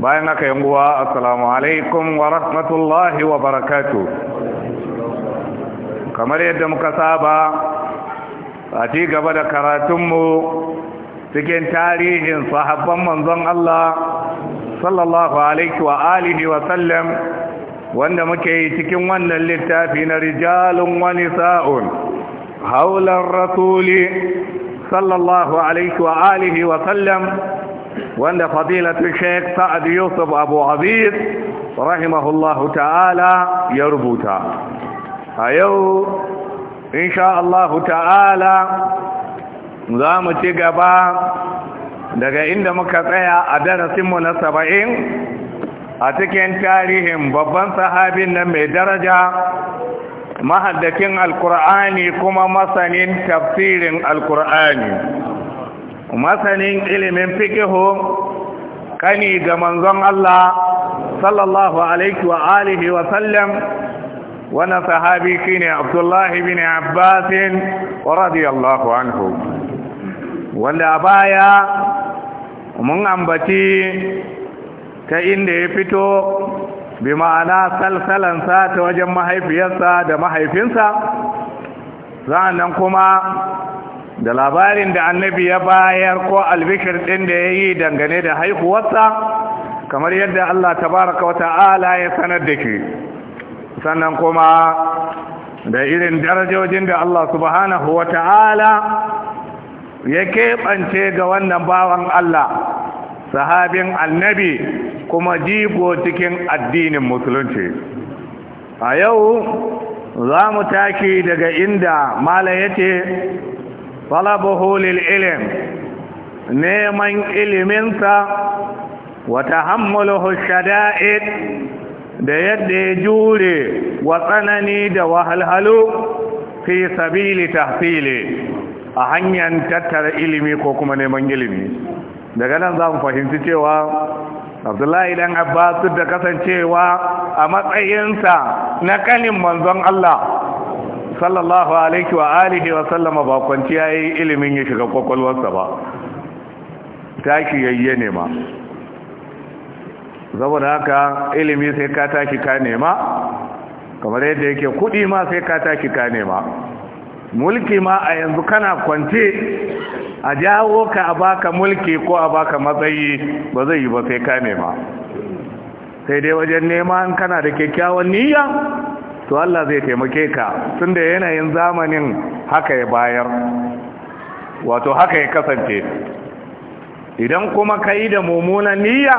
bayan aka yan uwa assalamu alaikum wa rahmatullahi wa barakatu kamar yadda muka saba a ci gaba da karatunmu cikin tarihin sahabban manzon Allah sallallahu alaihi wa alihi wa sallam wanda muke yi cikin wannan littafi na rijalun wani sa'un haular rasuli sallallahu alaihi wa alihi wa sallam wanda fadilatul sheikh sa'ad yusuf abu aziz rahimahullahu ta'ala ya rubuta a yau insha ta'ala za mu ci gaba daga inda muka tsaya a darasinmu na saba'in a cikin tarihin babban sahabin nan mai daraja mahaddakin alkur'ani kuma masanin tafsirin alkur'ani masanin ilimin fikihu kani ga manzon Allah sallallahu alaihi wa alihi wa sallam Wani sahabi shine Abdullah ibn Abbas radiyallahu anhu wanda baya mun ambaci ta inda ya fito bi ma'ana salsalansa ta wajen mahaifiyarsa da mahaifinsa nan kuma da labarin da annabi ya bayar ko albikir ɗin da ya yi dangane da haihuwarsa kamar yadda Allah Ta wa ta'ala ya sanar da ke sannan kuma da irin darajojin da Allah subhanahu wa ta'ala ya keɓance ga wannan bawan Allah sahabin annabi kuma jibo cikin addinin musulunci a yau za mu taki daga inda mala ya talabuhu lil ilm neman iliminsa wa tahammuluhu shada'id da yadda ya jure wa tsanani da wahalhalu fi sabili tahsili a hanyar tattara ilimi ko kuma neman ilimi daga nan za mu fahimci cewa abdullahi dan abbas da kasancewa a matsayinsa na kanin manzon Allah sallallahu alaihi wa alihi wa sallama ba kwanciya yayi ilimin ya shiga kwakwalwarsa ba Taki yayye ne ma saboda haka ilimi sai ka tashi ka nema kamar yadda yake kudi ma sai ka tashi ka nema mulki ma a yanzu kana kwance a jawo ka a baka mulki ko a baka matsayi ba zai yi ba sai ka nema sai dai wajen nema kana da kyakkyawan niyya to Allah zai taimake ka tun da yanayin zamanin haka ya bayar wato haka ya kasance idan kuma ka yi da mummunan niyya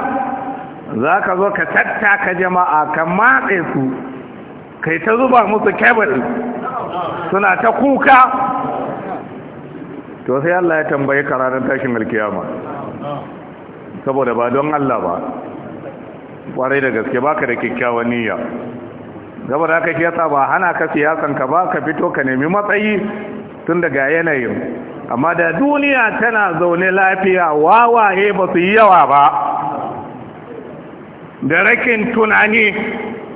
za ka zo ka tattaka jama'a ka matse su kai ta zuba musu kebul suna ta kuka to sai Allah ya tambaye ka ranar tashin alkiyama saboda ba don Allah ba kwarai da gaske baka da kyakkyawan niyya gaba da aka kiyasa ba hana ka siyasan ka ba ka fito ka nemi matsayi tun daga yanayin amma da duniya tana zaune lafiya wawaye ba su yi yawa ba da rakin tunani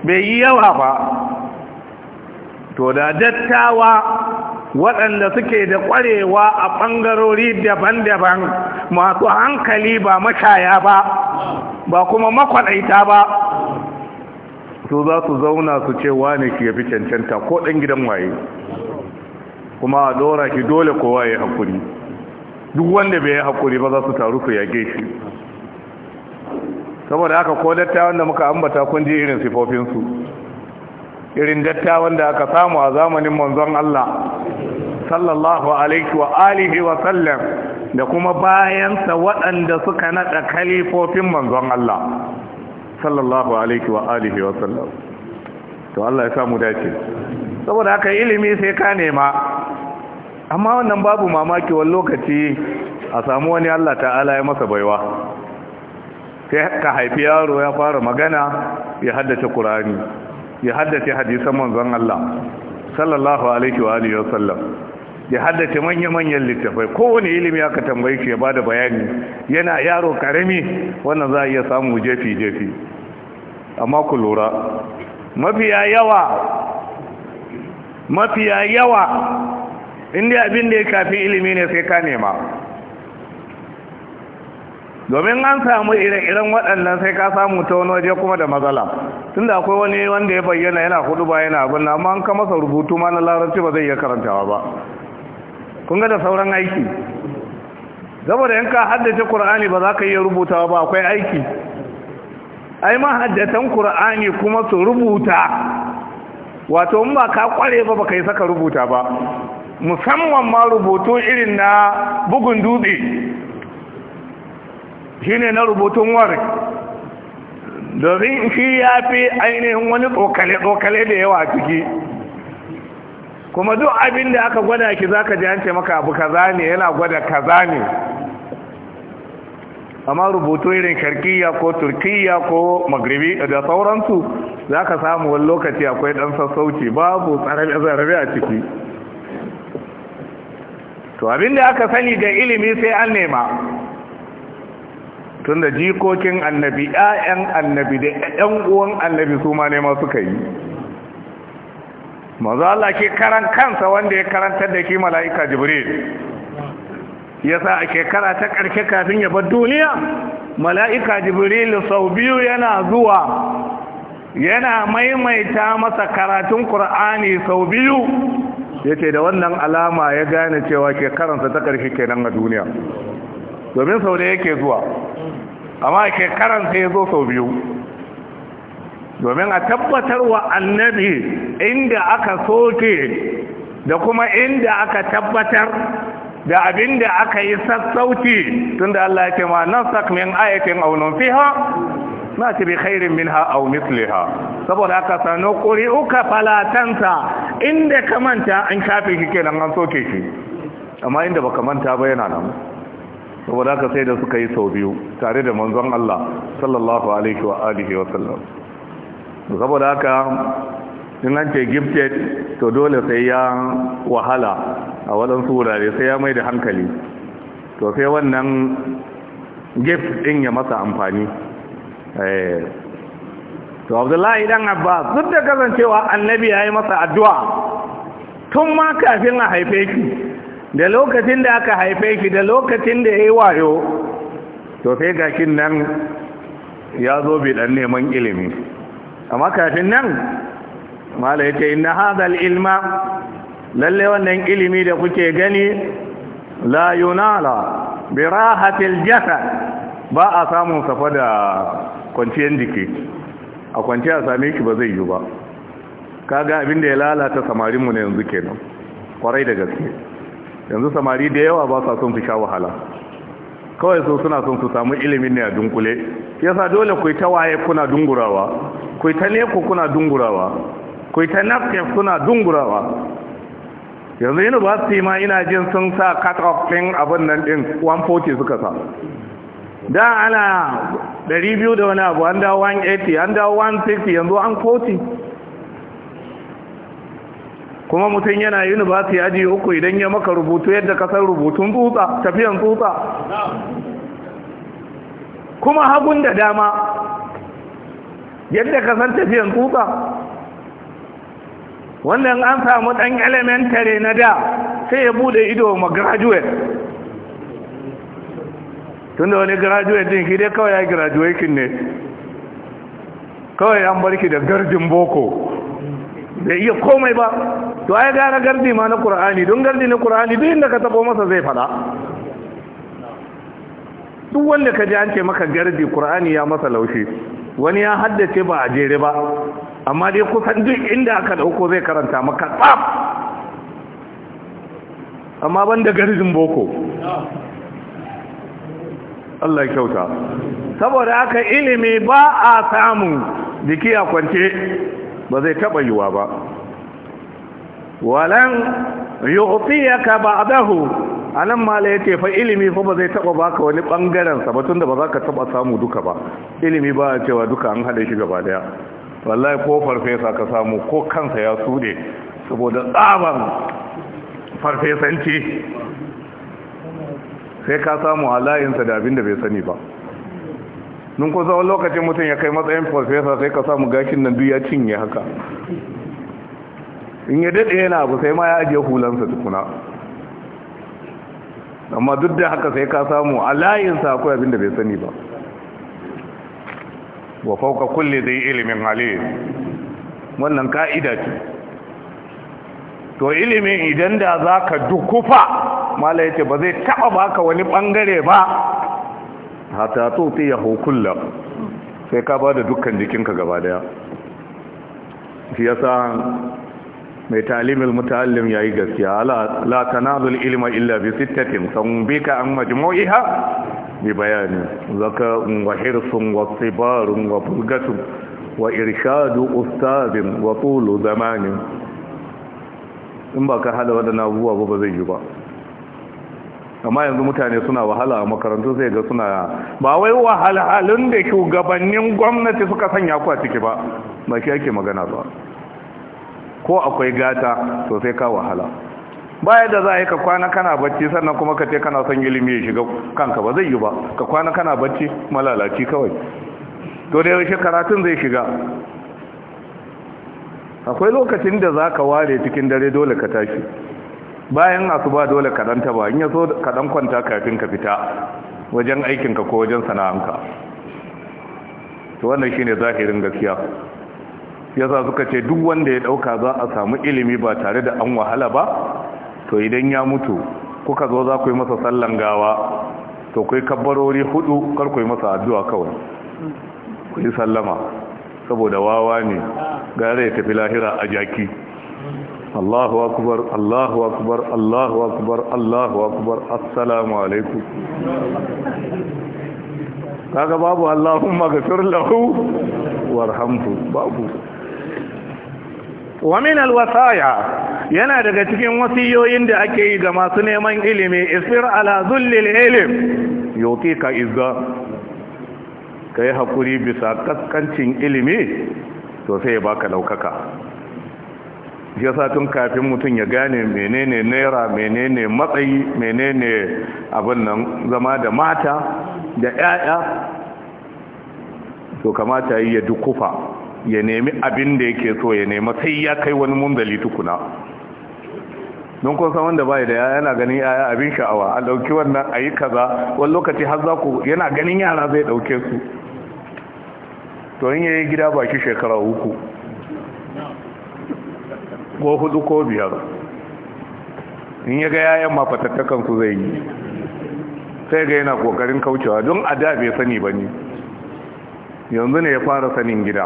bai yi yawa ba to da dattawa waɗanda suke da ƙwarewa a ɓangarori daban-daban masu hankali ba mashaya ba ba kuma makwaɗaita ba su za su zauna su ce wane ki yafi cancanta ko ɗan gidan waye kuma a dora ki dole kowa ya hakuri duk wanda bai yi hakuri ba za su taru su yage shi saboda aka ko dattawan da muka ambata kun ji irin sifofinsu irin dattawan da aka samu a zamanin manzon Allah sallallahu alaihi wa alihi wa sallam da kuma bayansa waɗanda suka naɗa kalifofin manzon Allah sallallahu alaihi wa alihi wa sallam to Allah ya samu dace saboda haka ilimi sai ka nema amma wannan babu mamaki wani lokaci a samu wani Allah ta'ala ya masa baiwa sai ka haifi yaro ya fara magana ya haddace Qur'ani ya haddace hadisan manzon Allah sallallahu alaihi wa alihi wa sallam ya haddace manya-manyan littafai kowane ilimi aka tambayi shi ya ba da bayani yana yaro karami wannan za a iya samu jefi-jefi amma ku lura mafiya yawa mafiya yawa inda abin da ya kafi ilimi ne sai ka nema domin an samu ire-iren waɗannan sai ka samu ta wani waje kuma da matsala tun da akwai wani wanda ya bayyana yana hudu ba yana abin amma an ka masa rubutu ma na larabci ba zai iya karantawa ba kun ga da sauran aiki saboda yanka haddace ƙura'ani ba za ka iya rubuta ba akwai aiki ai ma haddatan ƙura'ani kuma su rubuta wato in ba ka ƙware ba ka yi saka rubuta ba musamman ma rubutu irin na bugun dutse ne na rubutun wari domin shi ya fi ainihin wani tsokale-tsokale da yawa ciki kuma duk abin da aka gwada ki za ka ji maka abu kaza ne yana gwada kaza ne amma rubutu irin karkiya ko turkiya ko magribi da sauransu za ka samu wani lokaci akwai dan sassauci babu tsarabe a ciki to abin da aka sani da ilimi sai an nema tun da jikokin annabi 'ya'yan annabi da 'yan uwan annabi su ma nema suka yi manzo Allah ke karan kansa wanda ya karanta da shi mala'ika jibril sa a shekara ta ƙarshe kafin ya bar duniya mala'ika jibril sau biyu yana zuwa yana maimaita masa karatun Kur'ani sau biyu Ya ce da wannan alama ya gane cewa shekaransa ta ƙarshe kenan a duniya domin sau da yake zuwa amma karanta ya zo sau biyu domin a tabbatar wa annabi inda aka soke da kuma inda aka tabbatar da abin da aka yi sassauci tun da Allah ya ce ma nasak min ayatin aw nunfiha na ce bi khairin minha aw misliha saboda aka sano quri'uka falatanta inda ka manta an kafe shi kenan an soke shi amma inda baka manta ba yana nan saboda aka sai da suka yi sau biyu tare da manzon Allah sallallahu alaihi wa alihi wa sallam saboda haka in an ce gifted to dole sai ya wahala a waɗansu wurare sai ya mai da hankali to sai wannan gift ɗin ya masa amfani eh. to abdullahi dan abbas duk da kasancewa annabi ya yi masa addu'a tun ma kafin a haife ki da lokacin da aka haife ki da lokacin da ya yi wayo to sai gashin nan ya zo bi neman ilimi amma kafin nan mala ya ce inna hadal ilma lalle wannan ilimi da kuke gani la yunala bi rahatil jasad ba a samun safa da kwanciyar jiki a kwanciya same shi ba zai yi ba kaga abin da ya lalata samarin mu ne yanzu kenan kwarai da gaske yanzu samari da yawa ba sa son su sha wahala kawai su suna son su samu ilimin ne a dunkule yasa dole ku ta waye kuna dungurawa ku ta leko kuna dungurawa ku ta nafke kuna dungurawa yanzu university ma ina jin sun sa cut off din abin nan din 140 suka sa da ana 200 da wani abu an dawo 180 an dawo 160 yanzu an 40 kuma mutum yana su aji uku idan ya maka rubutu yadda kasar rubutun tsutsa tafiyan tsutsa kuma hagun da dama yadda ka san tafiyan tsutsa wannan an samu ɗan elementary na da sai ya bude ido ma graduate tunda wani graduate din ki dai kawai ya graduating ne kawai an bar ki da gardin boko bai iya komai ba to ai gara gardi ma na qur'ani don gardi na qur'ani duk inda ka tabo masa zai fada duk wanda ka ji an ce maka gardi qur'ani ya masa laushi wani ya haddace ba a jere ba amma dai kusan duk inda aka dauko zai karanta maka tsaf amma ban da garijin boko Allah kyauta saboda aka ilimi ba a samun jiki a kwance ba zai taɓa yiwa ba walan yi ba a a nan mala ya ce fa ilimi fa ba zai taba baka wani bangaren sa da ba za ka taba samu duka ba ilimi ba cewa duka an hada shi gaba daya wallahi ko farfesa ka samu ko kansa ya sude saboda tsaban farfesanci sai ka samu halayinsa da abin da bai sani ba nun ko tsawon lokacin mutum ya kai matsayin farfesa sai ka samu gashin nan duk ya cinye haka in ya daɗe yana abu sai ma ya ajiye hulansa tukuna amma duk da haka sai ka samu a layinsa akwai da bai sani ba wa fauka kulle zai ilimin halin wannan ka'ida ce to ilimin idan da za ka dukufa mala ya ba zai taba baka wani ɓangare ba hata to ta yaho kulla sai ka ba da dukkan jikinka gaba daya shi yasa mai talimil ya yayi gaskiya ala la ilma illa bi sittatin tanbika an majmu'iha bi bayani zaka wa hirsun wa sibarun wa Furgatun wa irshadu ustadin wa tulu zamanin in ba ka hada waɗannan abubuwa ba zai yi ba amma yanzu mutane suna wahala a makarantu zai ga suna ba wai wahalhalun da shugabannin gwamnati suka sanya ku a ciki ba ba shi ake magana ba ko akwai gata to sai ka wahala baya da za a yi ka kwana kana bacci sannan kuma ka ce kana son ilimi ya shiga kanka ba zai yi ba ka kwana kana bacci malalaci kawai to da yaushe karatun zai shiga akwai lokacin da za ka ware cikin dare dole ka tashi bayan ba dole ka dan taba in yaso ka dan kwanta kafin ka fita wajen aikinka ko wajen sana'anka to wannan shine zahirin gaskiya yasa suka ce duk wanda ya dauka za a samu ilimi ba tare da an wahala ba to idan ya mutu kuka zo za ku yi masa sallan gawa to kai kabbarori hudu kar ku yi masa addu'a kawai ku yi sallama saboda wawa ne gare ya tafi lahira a jaki Allahu akbar Allahu akbar Allahu akbar Allahu akbar assalamu alaikum kaga babu Allahumma ghfir lahu warhamhu babu wa min yana daga cikin wasiyoyin da ake yi ga masu neman ilimi isir ala zullil ilim yoki ka izza ka yi haƙuri bisa kaskancin ilimi to sai ya baka ɗaukaka ya sa tun kafin mutum ya gane menene naira menene matsayi menene abin nan zama da mata da 'ya'ya to kamata yi ya dukufa ya nemi abin da yake so ya nema sai ya kai wani munzali tukuna don kun wanda bai da yaya yana ganin yaya abin sha'awa a dauki wannan a yi kaza wani lokaci har za ku yana ganin yara zai dauke su to in yayi gida shi shekara uku ko hudu ko biyar in ya ga yayan ma fatattakan su zai yi sai ga yana kokarin kaucewa don a da bai sani ba ne yanzu ne ya fara sanin gida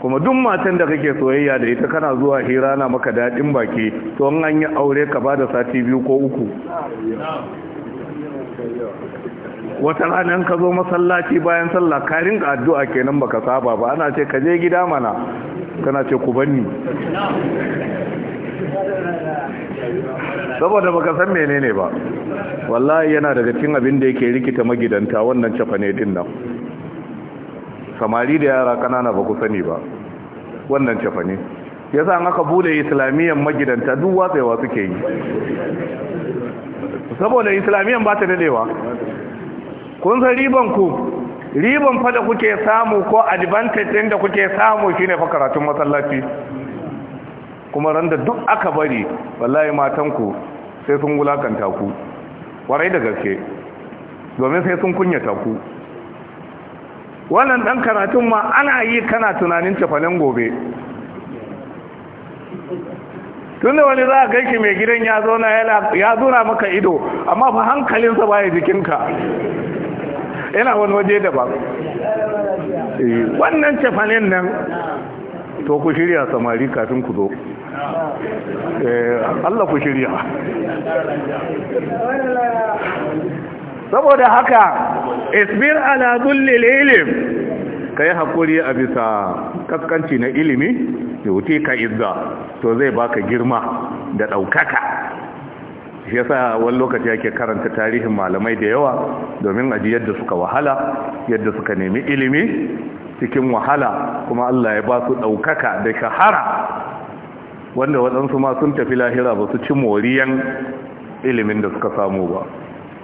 kuma duk matan da kake soyayya da ita kana zuwa hira na maka daɗin baki to an yi aure ka bada sati biyu ko uku wata ranar ka zo masallaci bayan sallah ka rinka addu'a kenan baka saba ba ana ce ka je gida mana kana ce ku banni saboda baka san menene ba wallahi yana daga cikin abin da yake rikita magidanta wannan cafane ne din nan samari da yara kanana ba ku sani ba wannan cefa ne ya sa aka bude islamiyyar magidanta duk yawa suke yi saboda islamiyyar ba ta dadewa kun san riban ku riban fa kuke samu ko advantage din da kuke samu shine fa karatun masallaci kuma randa duk aka bari wallahi matanku sai sun wulakanta ku warai da gaske domin sai sun kunyata ku wannan dan karatun ma ana yi kana tunanin tafalin gobe tunda wani za a gaishe mai gidan ya zona maka ido amma fa hankalinsa baya jikinka yana wani waje daban eh, wannan cefanen nan to ku shirya samari kafin ku zo eh, Allah ku shirya saboda haka isbir ala zullil ilim kai hakuri a bisa kaskanci na ilimi wuce ka izza to zai baka girma da daukaka shi yasa wani lokaci yake karanta tarihin malamai da yawa domin aji yadda suka wahala yadda suka nemi ilimi cikin wahala kuma Allah ya ba su daukaka da shahara wanda waɗansu ma sun tafi lahira ba su ci moriyan ilimin da suka samu ba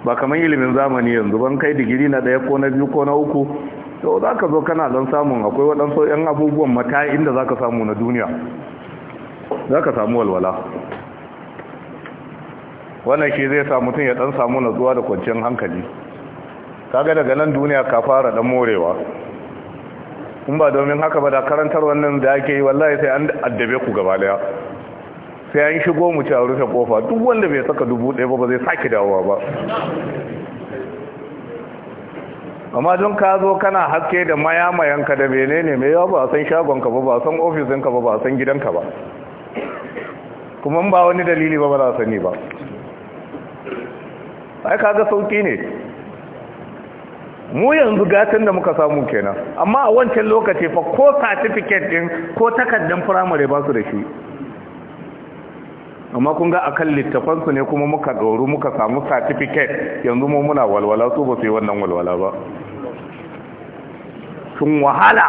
ba kamar ilimin zamani yanzu ban kai digiri na daya ko na biyu ko na uku to za ka zo kana don samun akwai waɗansu 'yan abubuwan mata inda za ka samu na duniya za ka samu walwala wannan shi zai sa mutum ya ɗan samu natsuwa da kwanciyar hankali ga daga nan duniya ka fara ɗan morewa in ba domin haka ba da karantar wannan da ake yi wallahi sai an addabe ku gaba daya sai an shigo mu cewa a rufe kofa duk wanda bai saka dubu ɗaya ba ba zai sake dawowa ba amma don ka zo kana haske da mayamayanka da menene mai yawa ba san shagonka ba ba san ofisinka ba ba san gidanka ba kuma ba wani dalili ba ba za sani ba ai kaga sauki ne mu yanzu gatan da muka samu kenan amma a wancan lokaci fa ko certificate din ko takardar primary ba su da shi amma kun ga akan littafansu ne kuma muka gauru muka samu certificate yanzu mu muna walwala su ba su yi wannan walwala ba sun wahala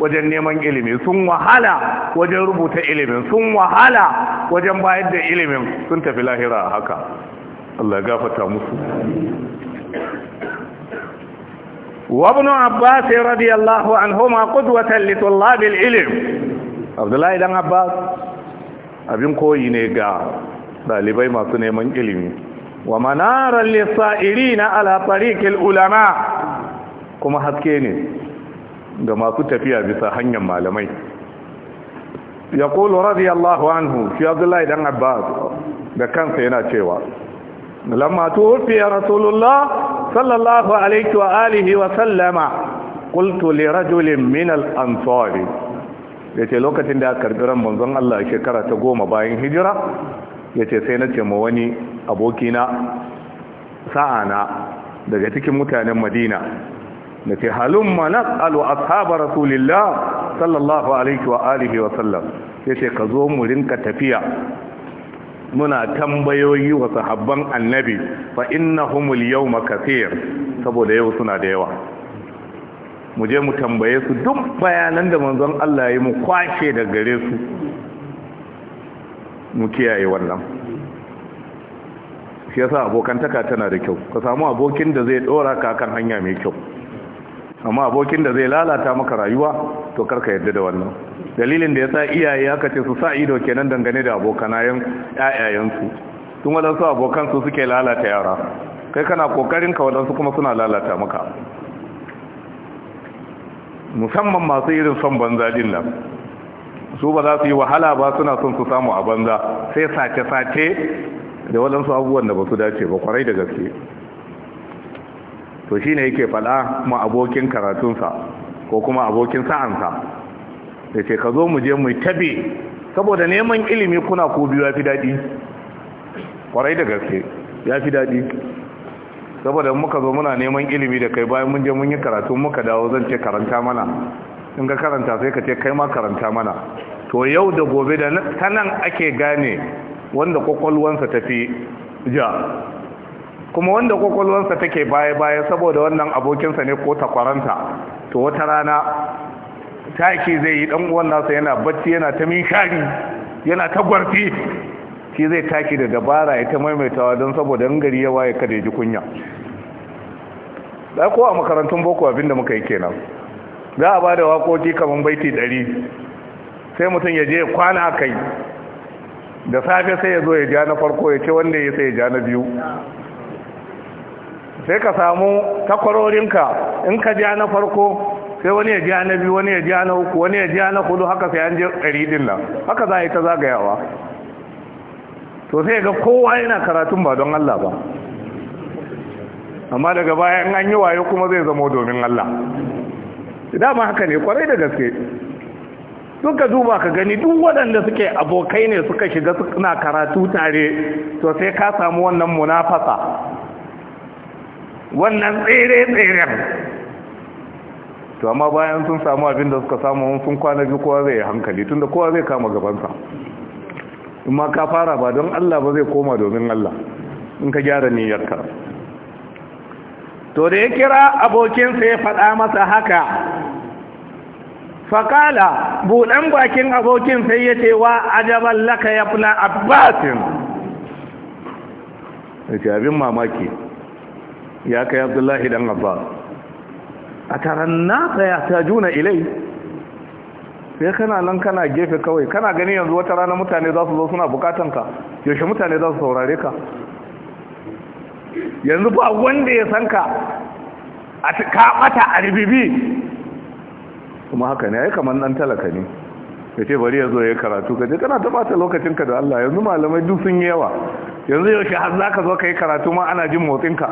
wajen neman ilimi sun wahala wajen rubuta ilimin sun wahala wajen bayar da ilimin sun tafi lahira a haka Allah gafata musu وابن عباس رضي الله عنهما قدوة لطلاب العلم عبد الله بن عباس abin koyi ne ga dalibai masu neman ilimi wa manaran lisa'irina na tariqil ulama kuma haske ne ga masu tafiya bisa hanyar malamai yaqulu radiyallahu anhu fi abdullahi dan abbas da kansa yana cewa lamma tuwfiya rasulullah sallallahu alaihi alihi wa sallama qultu li rajulin min ansari ya ce lokacin da ya karbi ran manzon Allah shekara ta goma bayan hijira ya ce sai na ce ma wani abokina sa'ana daga cikin mutanen madina Na ce halin manak alu ashabar rasulillah sallallahu alaihi wa alihi wa sallam ya ce ka zo mu rinka tafiya muna tambayoyi wa sahabban annabi fa innahumul yawma kaseer saboda yau suna da yawa mu je mu tambaye su duk bayanan da manzon Allah ya yi mu kwashe da gare su mu kiyaye wannan shi yasa abokantaka tana da kyau ka samu abokin da zai dora ka kan hanya mai kyau amma abokin da zai lalata maka rayuwa to karka yadda da wannan dalilin da yasa iyaye aka ce su sa ido kenan dangane da abokanayen ƴaƴayensu tun wadansu abokan su suke lalata yara kai kana kokarin ka wadansu kuma suna lalata maka musamman masu irin son banza din nan su ba za su yi wahala ba suna son su samu a banza sai sace-sace da waɗansu abubuwan da ba su dace ba kwarai da gaske to shi ne yake faɗa ma abokin karatunsa ko kuma abokin sa'ansa da ce ka zo mu je mu tabe saboda neman ilimi kuna ko biyu ya fi daɗi kwarai da gaske ya fi daɗi saboda muka zo muna neman ilimi da kai bayan mun je mun yi karatu muka dawo zan ce karanta mana in ga karanta sai ka ce kai ma karanta mana to yau da gobe da ta nan ake gane wanda kwakwalwansa tafi ja kuma wanda kwakwalwansa take baya-baya saboda wannan abokinsa ne ko takwaranta to wata rana taki zai yi dan uwan nasa yana bacci yana ta minshari yana ta gwarfi shi zai taki da dabara ita maimaitawa don saboda in gari ya kada ji kunya da kowa a makarantun boko abinda muka yi kenan za a ba da waƙoƙi kamar baiti ɗari sai mutum ya je kwana kai da safe sai ya zo ya ja na farko ya ce wanda ya sai ya ja na biyu sai ka samu takwarorinka in ka ja na farko sai wani ya ja na biyu wani ya ja na uku wani ya ja na hudu haka sai an je ɗari nan haka za a yi ta zagayawa to sai ga kowa yana karatun ba don Allah ba amma daga baya in an yi wayo kuma zai zama domin Allah dama haka ne kwarai da gaske suka duba ka gani duk waɗanda suke abokai ne suka shiga suna karatu tare to sai ka samu wannan munafasa wannan tsere-tseren to amma bayan sun samu abin da suka samu sun kwana bi kowa zai hankali tunda kowa zai kama gabansa in ma ka fara ba don Allah ba zai koma domin Allah in ka gyara niyyarka to da ya kira abokinsa ya faɗa masa haka faƙala buɗan bakin abokin sai ya ce wa ajaban laka ya fula abbasin da abin mamaki ya kai abdullahi dan Abba. a taron nasa ya ta juna ilai sai kana nan kana gefe kawai kana gani yanzu wata rana mutane za su zo suna bukatan ka yaushe mutane za su saurare ka yanzu ba wanda ya san ka a ka mata a ribibi kuma haka ne ai kamar nan talaka ne ya ce bari ya zo ya karatu ka je kana ta bata ka da Allah yanzu malamai duk sun yawa yanzu yaushe har za ka zo ka yi karatu ma ana jin motsin ka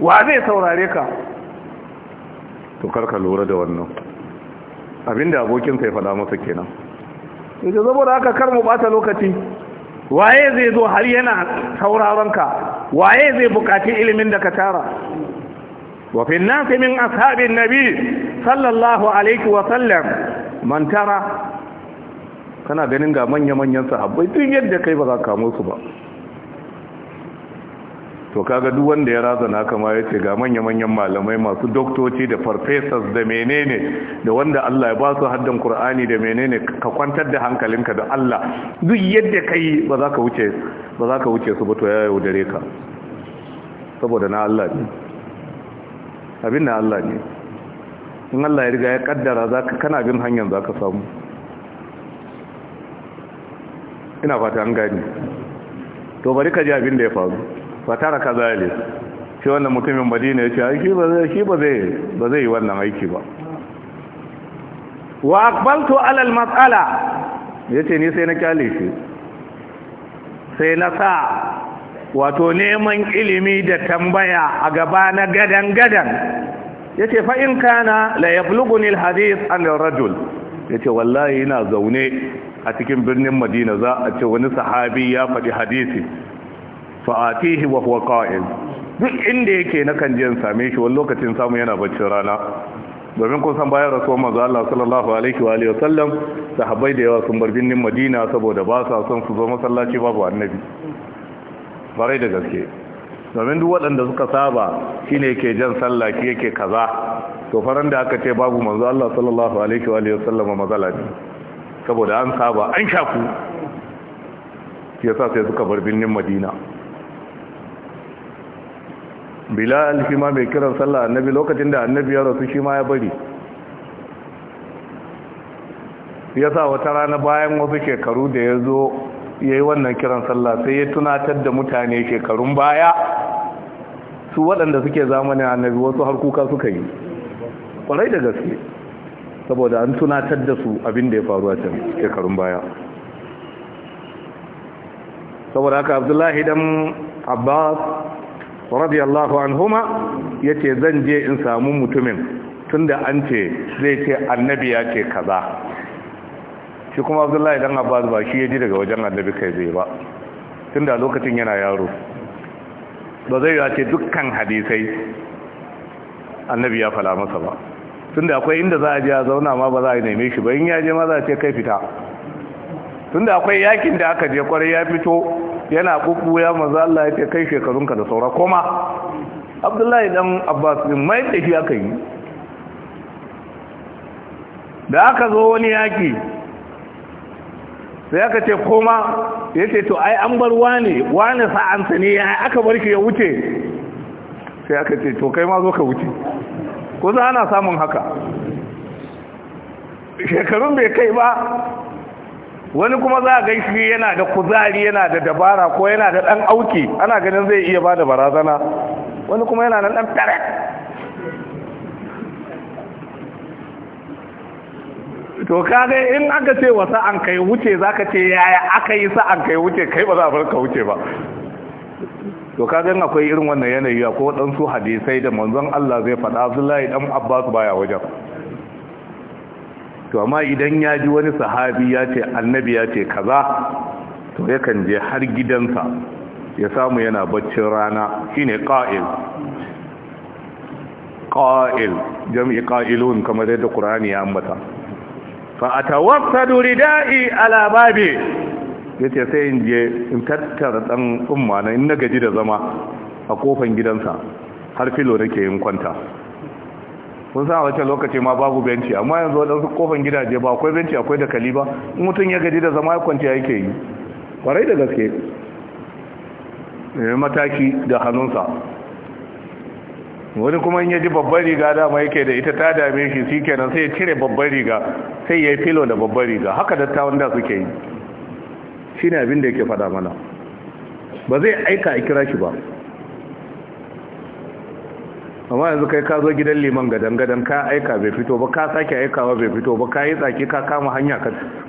wa zai saurare ka to ka lura da wannan Abin da abokinsa ya faɗa masa kenan yanzu saboda haka kar mu bata lokaci waye zai zo har yana sauraron ka waye zai bukaci ilimin da ka tara wa fi nasi min ashabin nabi sallallahu alaihi wa sallam man kana ganin ga manya-manyan sahabbai duk yadda kai ba za ka kamo su ba to kaga duk wanda ya razana kama ya ce ga manya-manyan malamai masu doktoci da farfesas da menene da wanda Allah ya ba su haddan Kur'ani da menene ka kwantar da hankalinka da Allah duk yadda ka yi ba za ka wuce ba za ka wuce su ba to ya yaudare ka saboda na Allah ne abin na Allah ne in Allah ya riga ya kaddara ka kana bin hanyar za ka samu ina fata an gani to bari ka ji abin da ya faru fa ka zalik sai wannan mutumin madina ya ce aiki ba zai yi wannan aiki ba wa aqbaltu alal matsala. mas'ala ce ni sai na kyale shi sai na sa wato neman ilimi da tambaya a gaba na gadan gadan yace fa in kana la yablughuni al hadith an al rajul yace wallahi ina zaune a cikin birnin Madina za a ce wani sahabi ya faɗi hadisi fa'atihi wa huwa qa'im duk inda yake na kan je same shi wani lokacin samu yana baccin rana domin kun san bayan rasuwar manzo Allah sallallahu alaihi wa alihi wasallam sahabbai da yawa sun bar binnin Madina saboda ba sa son su zo masallaci babu annabi bare da gaske domin duk waɗanda suka saba shine yake jan sallah shi yake kaza to faran da aka ce babu manzo Allah sallallahu alaihi wa alihi wasallam mazala ne saboda an saba an shaku yasa sai suka bar binnin Madina bilal shi ma mai kiran sallah annabi lokacin da annabi ya rasu shi ma ya bari ya sa wata rana bayan wasu shekaru da ya zo ya yi wannan kiran sallah sai ya tunatar da mutane shekarun baya su waɗanda suke zamanin annabi wasu har kuka suka yi ƙwarai da gaske saboda an tunatar da su abin da ya faru a can shekarun baya saboda haka abdullahi dan abbas radiyallahu anhuma yace zan je in samu mutumin tunda an ce zai ce annabi ya ce kaza shi kuma abdullahi dan abbas ba shi ya ji daga wajen annabi kai zai ba tunda lokacin yana yaro ba zai ya ce dukkan hadisai annabi ya fala masa ba tunda akwai inda za a je a zauna ma ba za a neme shi ba in ya je ma za a ce kai fita tunda akwai yakin da aka je kwarai ya fito yana ya maza Allah ya ce kai shekarunka da saura koma abdullahi dan abbas din mai da aka yi da aka zo wani yaki sai aka ce koma ya to ai an bar wane wane sa'ansa ne ya aka bar shi ya wuce sai aka ce to kai ma zo ka wuce kusa ana samun haka shekarun bai kai ba wani kuma za a shi yana da kuzari yana da dabara ko yana da dan auki ana ganin zai iya bada barazana wani kuma yana nan tare to kaga in aka ce wa sa'an kai wuce zaka ce yaya aka yi sa'an kai wuce kai ba za bar ka wuce ba to kaga in akwai irin wannan yanayi ko dan su hadisai da manzon Allah zai faɗa Abdullahi dan Abbas baya wajen to amma idan ya ji wani sahabi ya ce annabi ya ce kaza to yakan je har gidansa ya samu yana baccin rana shine qa'il qa'il jami'i qa'ilun kamar yadda qur'ani ya ambata fa atawassadu ridai ala babi yace sai in je in tattara dan umma na in na gaji da zama a kofan gidansa har filo nake yin kwanta kun sa wace lokaci ma babu benci amma yanzu wadansu kofan gidaje ba akwai benci akwai da kaliba in mutum ya gaji da zama ya kwanci yake yi kwarai da gaske ne eh, mataki da hannunsa wani kuma in yaji babbar riga dama yake da ita ta dame shi shi kenan sai ya cire babbar riga sai ya yi filo da babban riga haka dattawan da suke yi shi ne abin da yake faɗa mana ba zai aika a kira shi ba amma yanzu kai ka zo gidan liman gadan-gadan ka aika bai fito ba ka sake aikawa bai fito ba ka yi tsaki ka kama hanya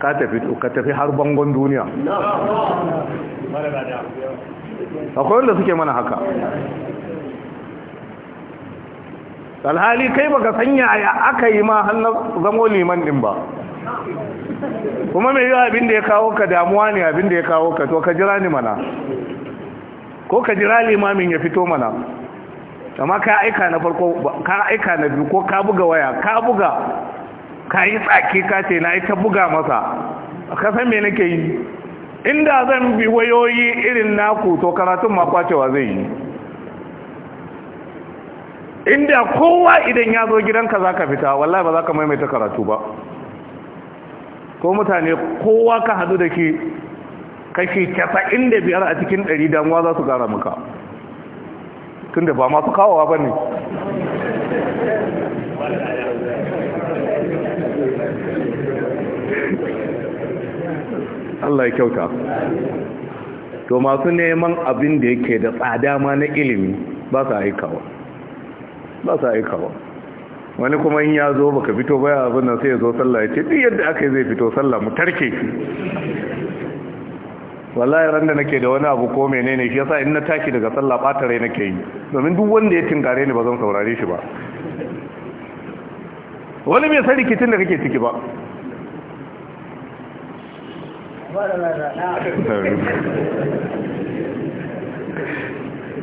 ka tafi ka tafi har bangon duniya akwai wanda suke mana haka alhali kai baka sanya ya aka yi ma hannun zamo liman din ba kuma mai yi abin da ya kawo ka damuwa ne abin da ya kawo ka to ka jira ni mana ko ka jira limamin ya fito mana amma ka aika na farko ka aika na biyu ko ka buga waya ka buga ka yi tsaki ka ce na ita buga masa ka san me nake yi inda zan bi wayoyi irin naku to karatun ma kwacewa zai yi inda kowa idan ya zo gidanka za ka fita wallahi ba za ka maimaita karatu ba ko mutane kowa ka hadu da ke kashi 95 a cikin 100 damuwa za su gara maka tunda ba masu kawowa ba ne Allah ya kyauta to masu neman abin da yake da tsada ma na ilimi ba sa aikawa ba sa aikawa wani kuma in ya zo baka fito baya abin nan sai ya zo sallah ya ce duk yadda aka yi zai fito sallah mu tarke wallahi ran da nake da wani abu ko menene shi yasa in na tashi daga sallah bata rai nake yi domin duk wanda ya tingare ni ba zan saurare shi ba wani bai san rikicin da kake ciki ba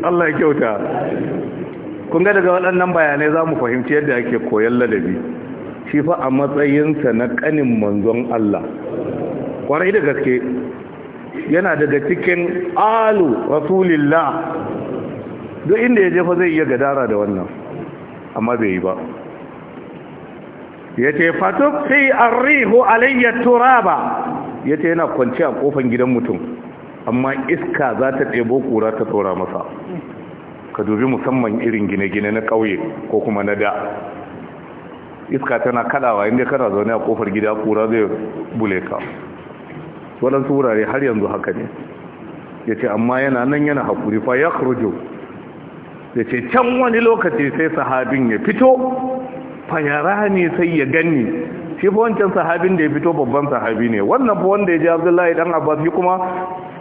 Allah ya kyauta kun ga daga waɗannan bayanai za mu fahimci yadda ake koyon ladabi shi fa a matsayinsa na ƙanin manzon Allah ƙwarai da gaske yana daga cikin alu rasulillah duk inda ya jefa zai iya gadara da wannan amma bai yi ba ya ce fatuk sai an rihu alayyar turaba ya ce yana kwanci a kofan gidan mutum amma iska za ta ɗebo kura ta tsora masa ka dubi musamman irin gine-gine na ƙauye ko kuma na da iska tana kaɗawa inda kana zaune a ƙofar gida kura zai bule ka waɗansu wurare har yanzu haka ne ya ce amma yana nan yana hakuri fa ya kurjo ya ce can wani lokaci sai sahabin ya fito fa ya rani sai ya ganni shi fa wancan sahabin da ya fito babban sahabi ne wannan fa wanda ya ji abdullahi dan abbas shi kuma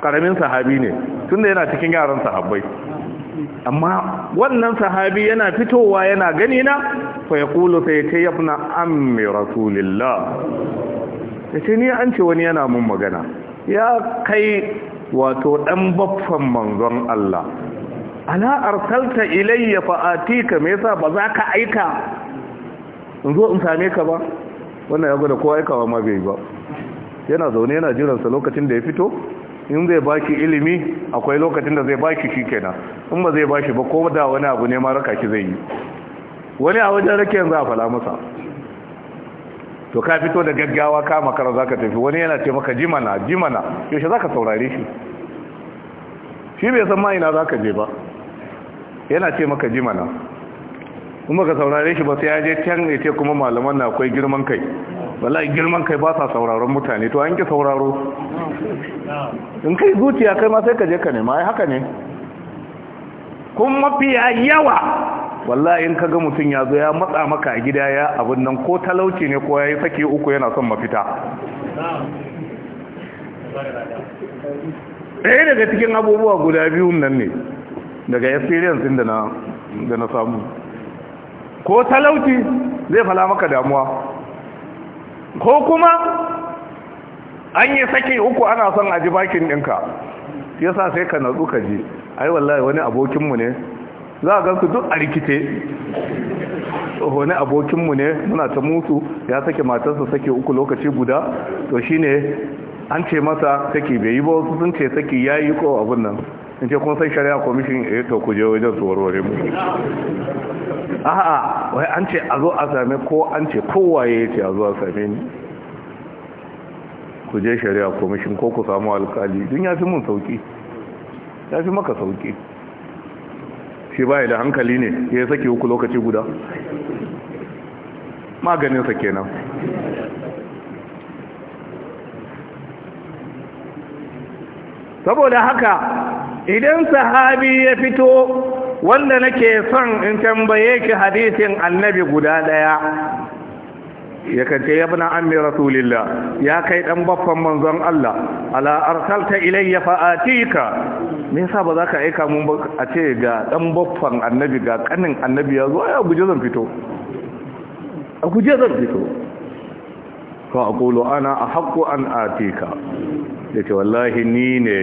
karamin sahabi ne tunda yana cikin yaran sahabbai amma wannan sahabi yana fitowa yana gani na fa ya kulu sai ya ce yabna ammi rasulillah ya ce ni an ce wani yana mun magana ya kai wato ɗan baffan manzon Allah ala arsalta ilayya fa'atika me yasa ba za ka aika in zo in same ka ba wannan ya gwada kowa aikawa ma bai ba yana zaune yana jiransa lokacin da ya fito in zai baki ilimi akwai lokacin da zai baki kenan in ba zai bashi ba ko da wani abu ne ma raka ki zai yi wani a wajen rake yanzu a fala masa to ka fito da gaggawa ka makara za ka tafi wani yana ce maka jimana jimana yaushe za ka saurare shi shi bai san ma'ina za ka je ba yana ce maka jimana kuma ka saurare shi ba sai ya je can ya ce kuma malaman na akwai girman kai wallahi girman kai ba sa sauraron mutane to an ki sauraro in kai zuciya kai ma sai ka je ka nema ai haka ne kuma mafiya yawa wallahi in kaga mutum ya zo ya matsa maka a gida ya abin nan ko talauci ne ko yayi sake uku yana son mafita ɗaya daga cikin abubuwa guda biyun nan ne daga experience din da na da na samu ko talauci zai fala maka damuwa ko kuma an yi sake uku ana son a ji bakin ɗinka yasa sai ka natsu ka ji ai wallahi wani abokinmu ne za a gansu duk a rikice wani abokinmu ne muna ta mutu ya sake matarsa sake uku lokaci guda to shi ne an ce masa sake bai yi ba wasu sun ce sake ya yi ko abin nan in ce kun sai shari'a kwamishin ya eh to kuje wajen su warware mu a'a wai an ce a zo a same ko an ce kowaye ya ce a zo a same ni ku je shari'a kwamishin ko ku samu alkali dun ya fi mun sauki ya fi maka sauki shi ba da hankali ne ya sake uku lokaci guda maganinsa kenan saboda haka idan sahabi ya fito wanda nake son in tambaye ki hadisin annabi guda daya ya kance ya bana ammi rasulillah ya kai dan baffan manzon Allah ala arsalta ilayya fa atika me yasa ba za ka aika mun ba a ce ga dan baffan annabi ga kanin annabi ya zo ya guje zan fito a guje zan fito fa aqulu ana ahqqu an atika yace wallahi ni ne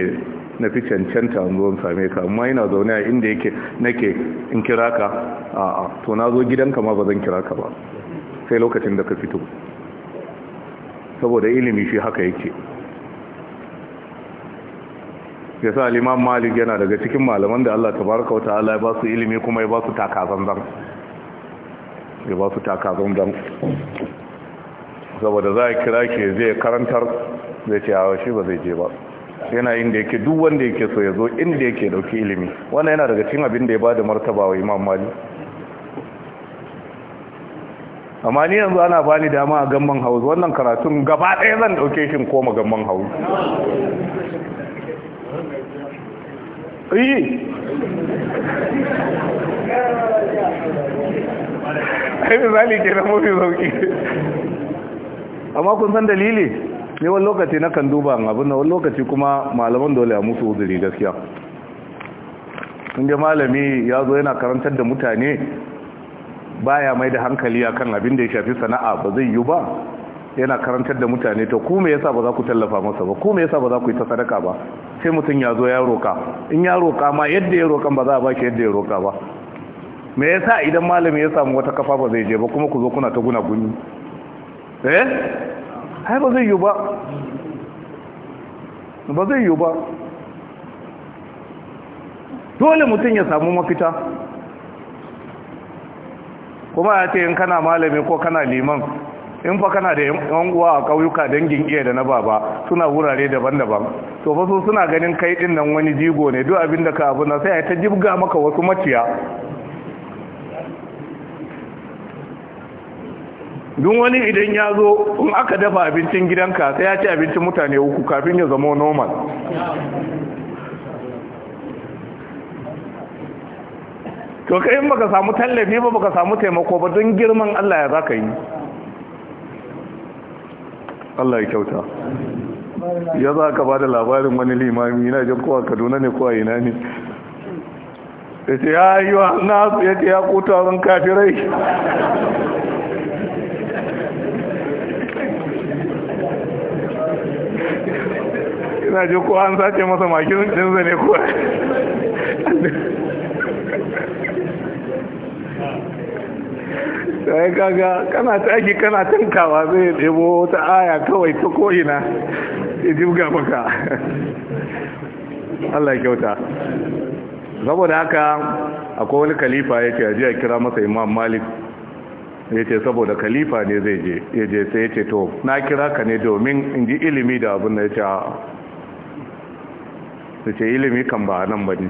na fi cancanta an zuwan same ka amma yana zaune a inda yake nake in kira ka a to na zo gidanka ma ba zan kira ka ba sai lokacin da ka fito saboda ilimi shi haka yake ya sa liman malik yana daga cikin malaman da Allah tabaraka wata ta'ala ya ba su ilimi kuma ya ba su takazanzan ya ba su zan saboda za a kira ke zai karantar zai ce hawa shi ba zai je ba yana inda yake duk wanda yake so ya zo inda yake dauki ilimi wannan yana daga cikin abin da ya ba da martaba wa imam malik amma ni yanzu ana bani dama a gamban hausa wannan karatun gaba ɗaya zan ɗauke shi koma gamban hausa yi haifin zali ke na mafi sauki amma kun san dalili ne wani lokaci na kan duba abin da wani lokaci kuma malaman dole a musu wuzuri gaskiya inda malami ya zo yana karantar da mutane baya mai da hankali akan abin da ya shafi sana'a ba zai yi ba yana karantar da mutane to ku me yasa ba za ku tallafa masa ba ku me yasa ba za ku yi ta sadaka ba sai mutum ya zo ya roka in ya roka ma yadda ya roka ba za a baki yadda ya roka ba me yasa idan malami ya samu wata kafa ba zai je ba kuma ku zo kuna ta guna guni eh ai ba zai yi ba ba zai yi ba dole mutum ya samu mafita kuma ya ce in kana malami ko kana liman in fa kana da yan uwa a kauyuka dangin iya da na baba suna wurare daban-daban to fa su suna ganin kai din nan wani jigo ne duk abin da ka abu na sai ta jibga maka wasu maciya duk wani idan ya zo in aka dafa abincin gidanka sai ya ci abincin mutane uku kafin ya zama normal to kai in baka samu tallafi ba baka samu taimako ba don girman Allah ya zaka yi Allah ya kyauta ya za ka ba da labarin wani limami yana jin kowa kaduna ne kowa ina ne ya ce ya yi wa nasu ya ce ya kuta zan kafirai ina jin kowa an sace masa makin jinsa ne kowa da ai kaga kana taki kana tankawa zai ɗebo ta aya kawai ta ko'ina ya jibga maka Allah ya kyauta saboda haka akwai wani kalifa ya ce a kira masa imam malik ya ce saboda kalifa ne zai je ya je sai ya ce to na kira ka ne domin in ji ilimi da abin da ya ce su ce ilimi kan ba nan ba ne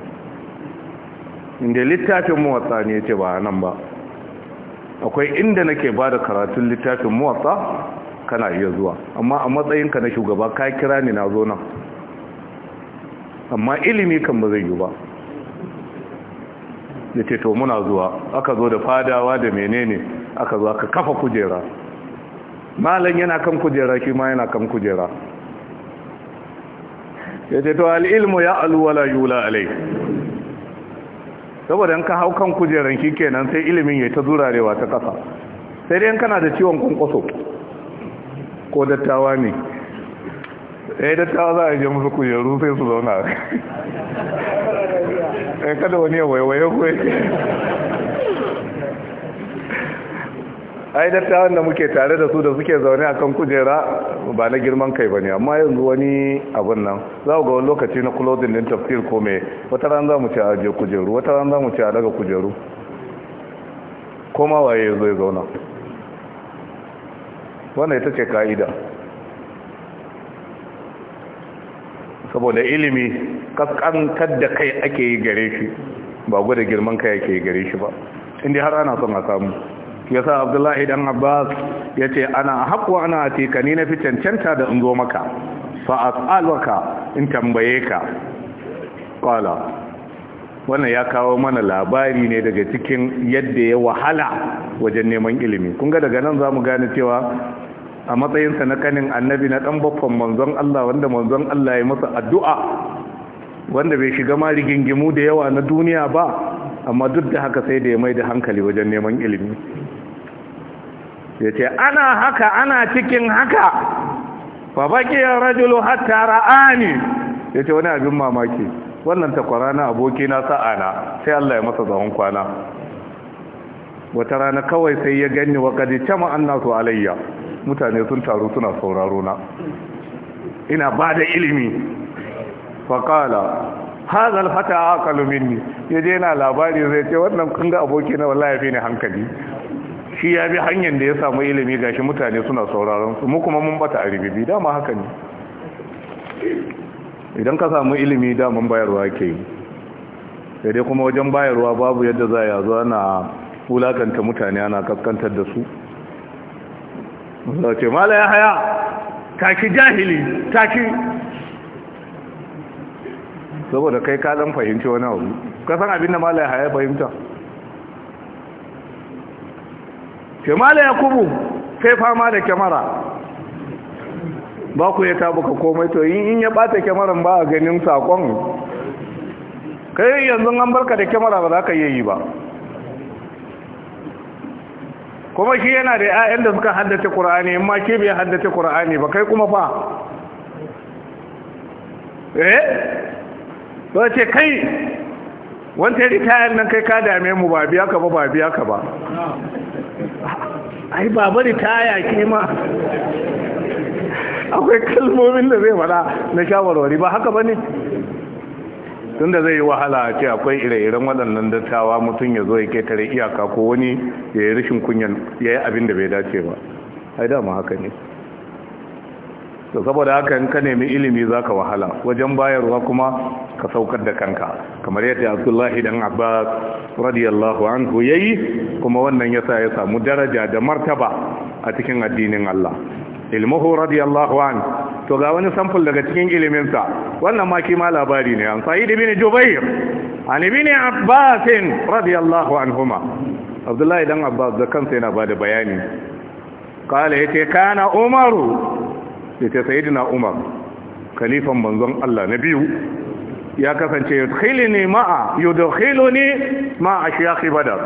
inda littafin mawatsa ne ya ce ba nan ba akwai inda nake ba da karatun littafin muwatsa kana iya zuwa amma a matsayinka na shugaba ka kira ni na zo nan amma ilimi kan ba zai yi ba ya ce to muna zuwa aka zo da fadawa da menene aka zo aka kafa kujera malam yana kan kujera shi ma yana kan kujera ya ce to al'ilmu ya alwala yula alai saboda in ka hau kan kujerar ki kenan sai ilimin ya ta zurarewa ta kasa sai dai kana da ciwon kwankwaso ko dattawa ne eh dattawa za a je musu kujeru sai su zauna eh kada wani ya waiwaye kuwa ai dattawan da muke tare da su da suke zaune a kan kujera ba na girman kai ba ne amma yanzu wani abin nan za ga wani lokaci na clothing din tafsir ko mai wata ran za mu ci a je kujeru wata ran za mu ci a daga kujeru koma waye ya zo ya zauna wannan ita ce ka'ida saboda ilimi kaskantar da kai ake yi gare shi ba gwada girman kai ake yi gare shi ba inda har ana son a samu yasa abdullahi dan abbas ya ce ana haƙo ana atika ni na fi cancanta da in zo maka fa'as'alwaka in tambaye ka ƙwala wannan ya kawo mana labari ne daga cikin yadda ya wahala wajen neman ilimi kun ga daga nan za mu gane cewa a matsayinsa na kanin annabi na ɗan baffan manzon Allah wanda manzon Allah ya masa addu'a wanda bai shiga ma rigingimu da yawa na duniya ba amma duk da haka sai da ya mai da hankali wajen neman ilimi ya ce ana haka ana cikin haka fa baƙiyar rajulu hatta ra'ani ya ce wani abin mamaki wannan takwara na aboki na sa'ana sai Allah ya masa zaun kwana wata rana kawai sai ya ganni wa kadi cama an nasu alayya mutane sun taru suna sauraro na ina ba da ilimi faƙala hazal fata aqalu minni yaje yana labari zai ce wannan kun ga aboki na wallahi fi ne hankali shi ya bi hanyar da ya samu ilimi gashi mutane suna sauraron su mu kuma mun bata a ribibi dama haka ne idan ka samu ilimi daman bayarwa ke yi ya dai kuma wajen bayarwa babu yadda za a zo ana wulakanta mutane ana kaskantar da su zace mala ya haya taki jahili taki saboda kai kaɗan fahimci wani abu ka san abin da mala ya haya fahimta kemala ya kubu kai fama da kyamara ba ku ya tabuka komai to in ya bata kyamaran ba a ganin sakon kai yanzu an barka da kyamara ba za ka yi ba kuma shi yana da 'ya'yan da suka haddace ƙura'ani in ma ke biya haddace ƙura'ani ba kai kuma fa eh ba ce kai wanta ritayen nan kai ka dame mu ba biya ka ba ba biya ka ba ai bari ta yake ma akwai kalmomin da zai fada na shawarwari ba haka ba ne tun da zai yi wahala ce akwai ire-iren waɗannan dattawa mutum ya zo ya ketare iyaka ko wani ya yi rashin kunyan ya yi abin da bai dace ba ai dama haka ne to saboda haka in ka nemi ilimi zaka wahala wajen bayarwa kuma ka saukar da kanka kamar yadda Abdullahi dan Abbas radiyallahu anhu yayi kuma wannan sa ya samu daraja da martaba a cikin addinin Allah ilmuhu radiyallahu an to ga wani sample daga cikin iliminsa wannan ma kima labari ne an sa'id ibn jubair an ibn abbas radiyallahu anhuma abdullahi dan abbas da kansa yana bada bayani Kale yace kana umaru ya ce sayidina umar kalifan manzon Allah na biyu ya kasance yadkhiluni ma'a yudkhiluni ma'a badar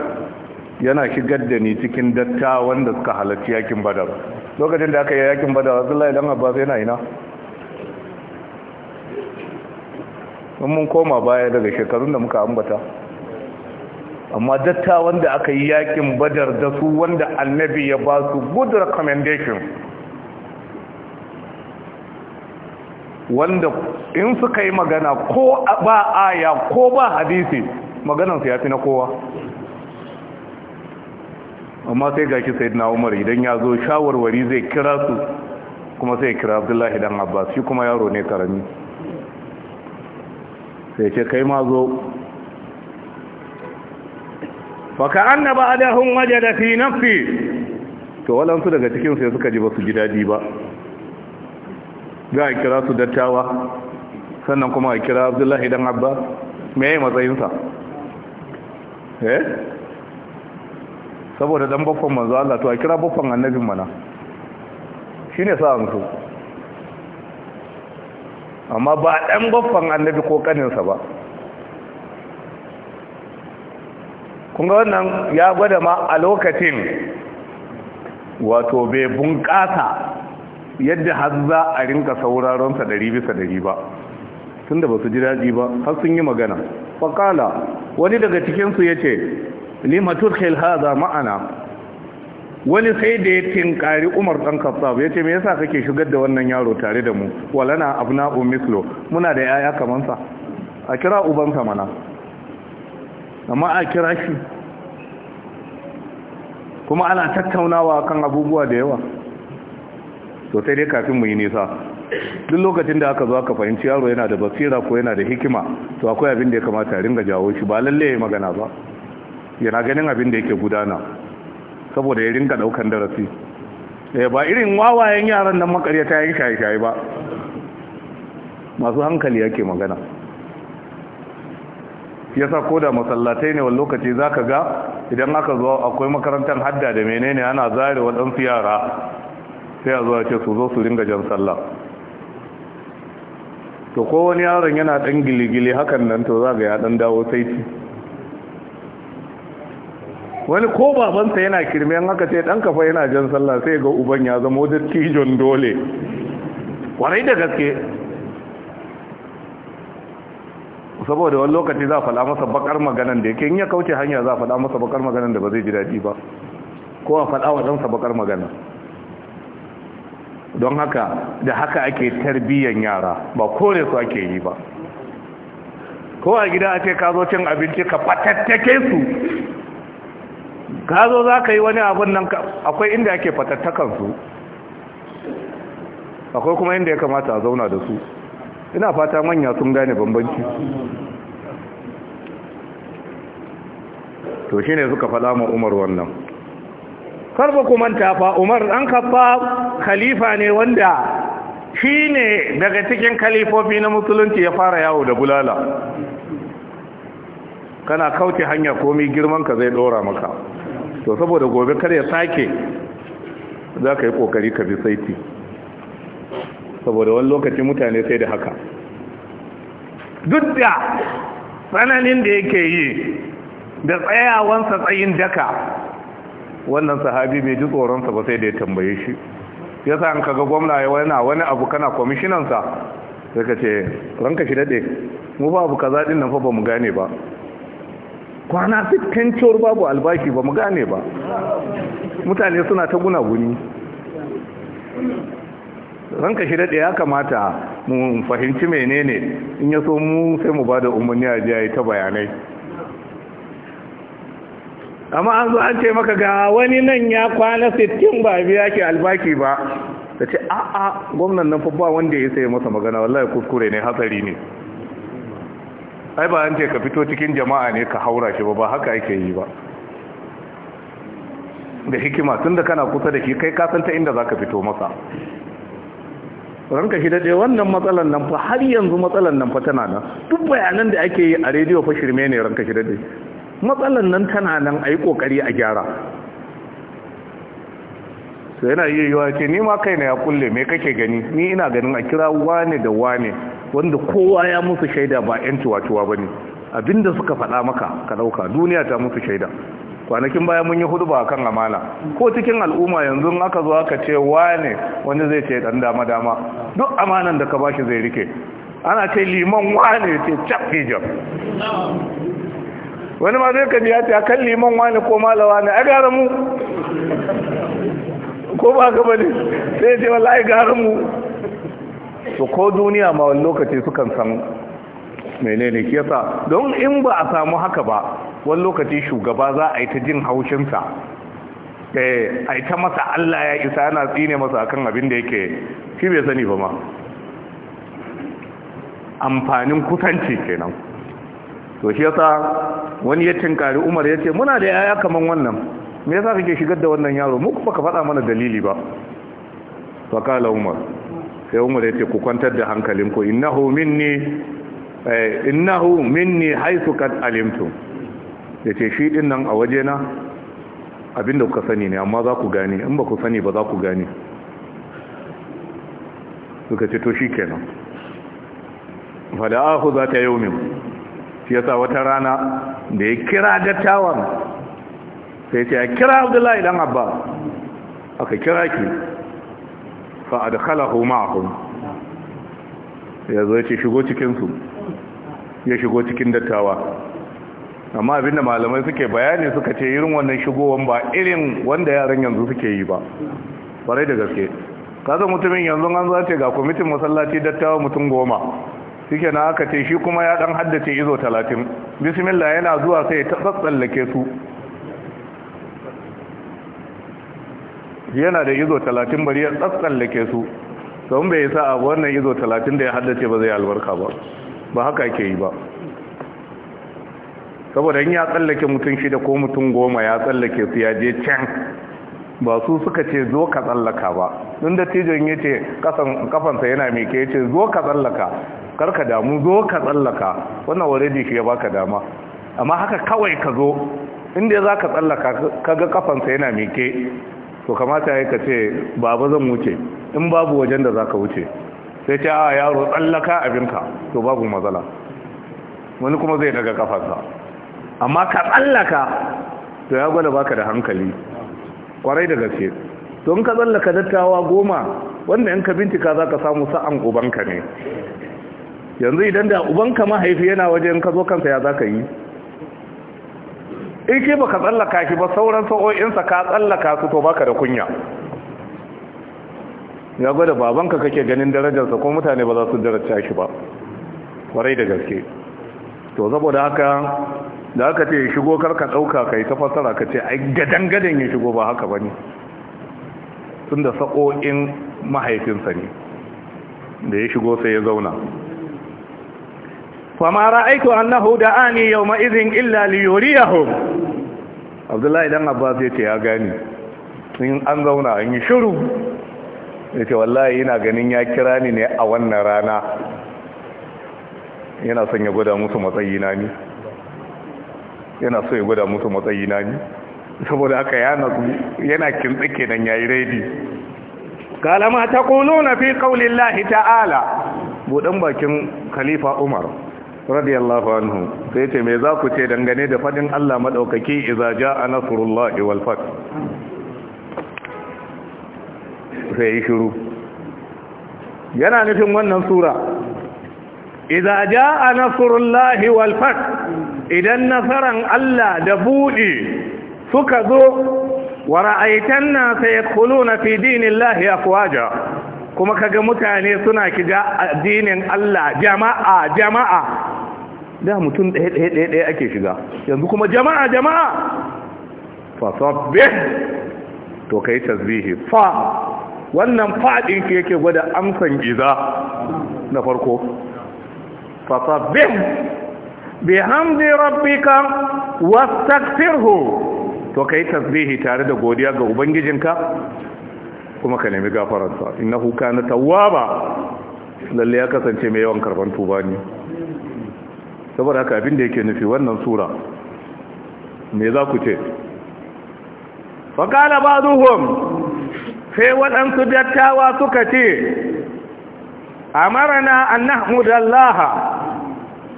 yana shigar da ni cikin dattawan da suka halarci yakin badar lokacin da aka yi yakin badar Abdullahi dan Abbas yana ina mun koma baya daga shekarun da muka ambata amma dattawan da aka yi yakin badar da su wanda annabi ya ba su good recommendation wanda in suka yi magana ko ba aya ko ba hadisi maganansu ya fi na kowa amma sai gashi na Umar idan ya zo shawarwari zai kira su kuma sai kira Abdullahi dan Abbas shi kuma yaro ne karami sai ce kai ma zo Baka annaba adahum da fi nafsi to walansu daga cikinsu ya suka ji ba su ji daji ba za a kira su dattawa sannan kuma a kira abdullahi dan abba mai matsayinsa eh saboda dan baffan manzo Allah to a kira baffan annabin mana shine sa amma ba dan baffan annabi ko kaninsa ba kun wannan ya gwada ma a lokacin wato bai bunƙasa yadda har za a rinka sauraronsa ɗari bisa ɗari ba tun da ba su ji daji ba har sun yi magana faƙala wani daga cikinsu ya ce limatur haza ma'ana wani sai da ya tinkari umar ɗan kassab ya ce me yasa kake shigar da wannan yaro tare da mu walana abna'u mislo muna da yaya kamansa a kira ubansa mana amma a kira shi kuma ana tattaunawa kan abubuwa da yawa Sosai dai kafin mu yi nisa duk lokacin da aka zo aka fahimci yaro yana da basira ko yana da hikima to akwai abin da ya kamata ringa jawo shi ba lalle ya magana ba yana ganin abin da yake gudana saboda ya ringa daukan darasi eh ba irin wawayen yaran nan makaryata yayin shaye-shaye ba masu hankali yake magana yasa ko da masallatai ne wani lokaci zaka ga idan aka zo akwai makarantar hadda da menene ana zare waɗansu yara sai a zuwa ce su zo su ringa jan sallah to ko wani yaron yana dan giligili hakan nan to za ga ya dan dawo saiti wani ko babansa yana kirme an haka ce dan kafa yana jan sallah sai ga uban ya zama dattijon dole kwarai da gaske saboda wani lokaci za faɗa masa bakar maganan da yake in ya kauce hanya za a faɗa masa bakar maganan da ba zai ji daɗi ba ko a faɗa wa ɗansa bakar magana don haka da haka ake tarbiyyan yara ba kore su ake yi ba ko a gida a ce ka cin abinci ka fatattake su ka za ka yi wani abin nan akwai inda ake fatattakan su akwai kuma inda ya kamata a zauna da su ina fata manya sun gane bambanci to ne suka fada ma umar wannan karba ku manta umar an kafa khalifa ne wanda shi ne daga cikin khalifofi na musulunci ya fara yawo da bulala kana kauce hanya komi girmanka zai dora maka to saboda gobe kar ya sake za ka yi kokari ka bi saiti saboda wani lokacin mutane sai da haka duk da tsananin da yake yi da tsayawansa tsayin daka wannan sahabi bai ji tsoronsa ba sai da ya tambaye shi ya sa an kaga gwamna ya wani wani abu kana kwamishinansa sai ka ce ranka shi daɗe mu ba abu kaza ɗin nan fa ba mu gane ba kwana dukkan cewar babu albashi ba mu gane ba mutane suna ta gunaguni ranka shi daɗe ya kamata mu fahimci menene in ya so mu sai mu ba da umarni a jiya ta bayanai amma an zo an ce maka ga wani nan ya kwana sittin ba biya ke albaki ba ta ce a'a gwamnan nan ba wanda ya sai masa magana wallahi kuskure ne hatsari ne ai ba an ce ka fito cikin jama'a ne ka haura shi ba ba haka yake yi ba da hikima tun da kana kusa da shi kai kasanta inda za ka fito masa ranka shi daɗe wannan matsalan nan fa har yanzu matsalan nan fa tana nan duk bayanan da ake yi a rediyo fa shirme ne ranka shi daɗe matsalan nan tana nan a yi kokari a gyara su yana iya yiwa ce ni ma kaina ya kulle mai kake gani ni ina ganin a kira wane da wane wanda kowa ya musu shaida ba 'yan tuwa-tuwa ba ne abinda suka faɗa maka ka ɗauka duniya ta musu shaida kwanakin baya mun yi hudu ba kan amana ko cikin al'umma yanzu aka zo aka ce wane wani zai ce dan dama dama duk amanan da ka ba shi zai rike ana ce liman wane ce cap hijab wani ma zai kaji ya a kan liman wani ko malawa ne a gara mu ko ba ka bane sai ce wallahi gara mu to ko duniya ma wani lokaci su kan san menene ke yasa don in ba a samu haka ba wani lokaci shugaba za a yi ta jin haushinsa eh, a yi ta masa Allah ya isa yana tsine masa akan abin da yake shi bai sani ba ma amfanin kusanci kenan to shi yasa wani ya tinkari umar ya ce muna da yaya kaman wannan me yasa kake shigar da wannan yaro muku baka faɗa mana dalili ba fakala umar sai umar ya ce ku kwantar da hankalinku innahu minni eh, innahu minni haisu kad alimtu ya ce shi din nan a waje na abinda kuka sani ne amma za ku gane in ba ku sani ba za ku gane suka ce to shi kenan ahu za ta yi min shi yasa wata rana da ya kira dattawan sai ce ya kira abdullahi dan abba aka kira ki fa adkhalahu ma'ahum ya zo ya ce shigo cikin su ya shigo cikin dattawa amma abinda malamai suke bayani suka ce irin wannan shigowan ba irin wanda yaran yanzu suke yi ba barai da gaske kasan mutumin yanzu an zace ga kwamitin masallaci dattawa mutum goma Suke na aka ce shi kuma ya dan haddace izo talatin bismillah yana zuwa sai ya tsatsallake su yana da izo talatin bari ya tsatsallake su don bai sa a wannan izo talatin da ya haddace ba zai albarka ba ba haka ke yi ba saboda in ya tsallake mutum shida ko mutum goma ya tsallake su ya je can ba su suka ce zo ka tsallaka ba inda tijon ya ce kafansa yana mike ya ce zo ka tsallaka karka damu zo ka tsallaka wannan already ke ya baka dama amma haka kawai ka zo inda za ka tsallaka kaga kafansa yana mike to kamata ya ka ce baba zan wuce in babu wajen da za ka wuce sai ce a yaro tsallaka abinka to babu matsala wani kuma zai daga kafansa amma ka tsallaka to ya gwada baka da hankali kwarai da gaske to in ka tsallaka dattawa goma wanda yanka bintika bincika za ka samu sa'an ubanka ne yanzu idan da ubanka mahaifi yana wajen ka zo kansa ya za yi in ke baka tsallaka shi ba sauran sa'o'insa ka tsallaka su to baka da kunya ya gwada babanka kake ganin darajarsa ko mutane ba za su daraja shi ba kwarai da gaske to saboda haka da aka ce shigo karka ɗauka ka yi ta fasara ka ce ai gadan-gadan ya shigo ba haka ba ne tun sa'o'in mahaifinsa ne da ya shigo sai ya zauna فما رأيت أنه دعاني يومئذ إلا illa عبد الله Abdullahi dan يتي أغاني ya gani إن an zauna an yi shiru yace wallahi ina ganin ya kira ni ne a wannan rana yana son ya gwada musu matsayi na ni so ya gwada musu matsayi na ni saboda yana yana tsike yayi ready kalama ta taquluna fi qawli ta ta'ala budan bakin khalifa Umar radiyallahu anhu sai ce mai za ku ce dangane da fadin Allah maɗaukaki idza jaa nasrullahi wal fath sai shiru yana nufin wannan sura idza jaa nasrullahi wal fath idan nasaran Allah da buɗe suka zo wa ra'aitan na sayadkhuluna fi dinillahi afwaja kuma kaga mutane suna kiga addinin Allah jama'a jama'a da mutum ɗaya-ɗaya ake shiga yanzu kuma jama'a jama'a fa sabbih to kai tasbihi fa wannan fadin ke yake gwada amsan iza na farko fa bi bihamdi rabbika wastaghfirhu to kai tasbihi tare da godiya ga ubangijinka kuma ka nemi gafararsa huka na tawwaba lalle ya kasance mai yawan karban tuba ne saboda haka abin da yake nufi wannan sura me za ku ce faƙala ba zuhun sai waɗansu dattawa suka ce amarana an nahmudallaha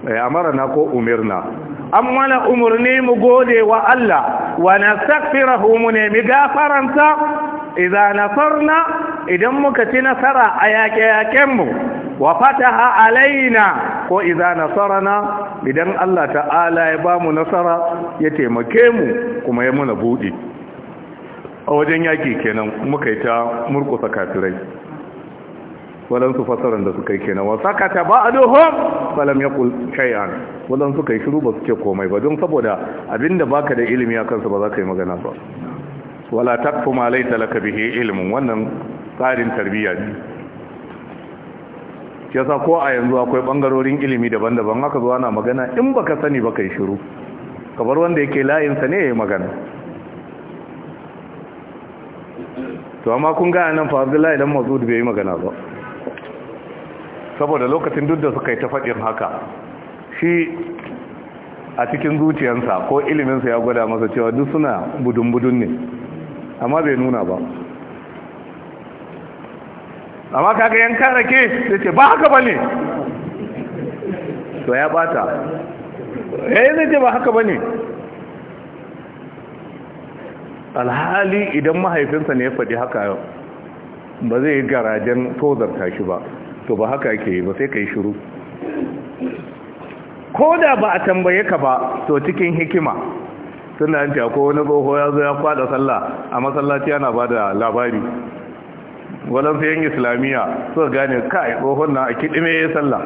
eh, marana ko umirna an mana umarni mu gode wa Allah wa nastaghfirahu mu nemi gafaranta idza nasarna idan muka ci nasara a yaƙe-yaƙenmu wa fataha alaina ko nasara nasarana idan Allah ta'ala ya bamu nasara ya taimake mu kuma ya muna buɗe. a wajen yaki kenan muka yi ta murkusa kafirai waɗansu fasaran da suka yi kenan wasu aka ba a duhun falam ya shayan waɗansu ka yi shiru ba suke komai ba don saboda abinda baka da ilimi a kansu ba za ka yi magana ba wala takfu ma laita laka bihi ilimin wannan tsarin tarbiyya ne shi yasa ko a yanzu akwai bangarorin ilimi daban-daban haka zuwa na magana in baka sani baka yi shiru kamar wanda yake layinsa ne ya yi magana to amma kun gaya nan fa abdullahi dan mazud bai yi magana ba saboda lokacin duk da suka yi ta faɗin haka shi a cikin zuciyarsa ko iliminsa ya gwada masa cewa duk suna budun-budun ne amma bai nuna ba amma kaga yankan rake zai ce ba haka bane to ya bata eh zai ce ba haka bane alhali idan mahaifinsa ne ya faɗi haka ba zai yi garajen tozarta shi ba to ba haka ke ba sai ka yi shiru ko da ba a tambaye ka ba to cikin hikima tun da hanci ko wani goho ya zo ya kwada sallah a masallaci yana bada labari walansu yan islamiyya suka gane kai tsohon na a kiɗime ya sallah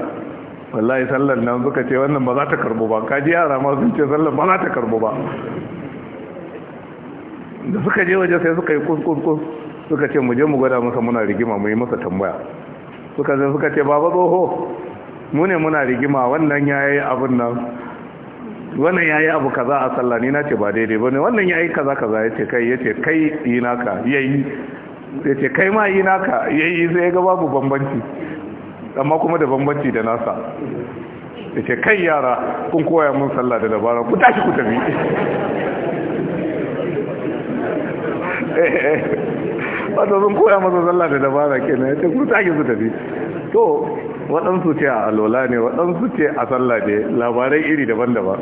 wallahi sallar nan suka ce wannan ba za ta karbo ba kaji yara ma sun ce sallar ba za ta karbo ba da suka je waje sai suka yi kuskus suka ce mu je mu gwada masa muna rigima mu yi masa tambaya suka zai suka ce baba tsoho mu ne muna rigima wannan ya yi abin nan wannan ya yi abu kaza a sallah ni na ce ba daidai ba ne wannan ya yi kaza kaza ya ce kai ya ce kai yi naka ya yi sai ce kai ma yi naka yayi sai ya ga babu bambanci amma kuma da bambanci da nasa sai ce kai yara kun koya mun sallah da dabara ku tashi ku tafi eh, eh. wato sun koya masa sallah da dabara kenan ya ce ku tashi ku tafi to waɗansu ce a alola ne waɗansu ce a sallah ne labarai iri daban-daban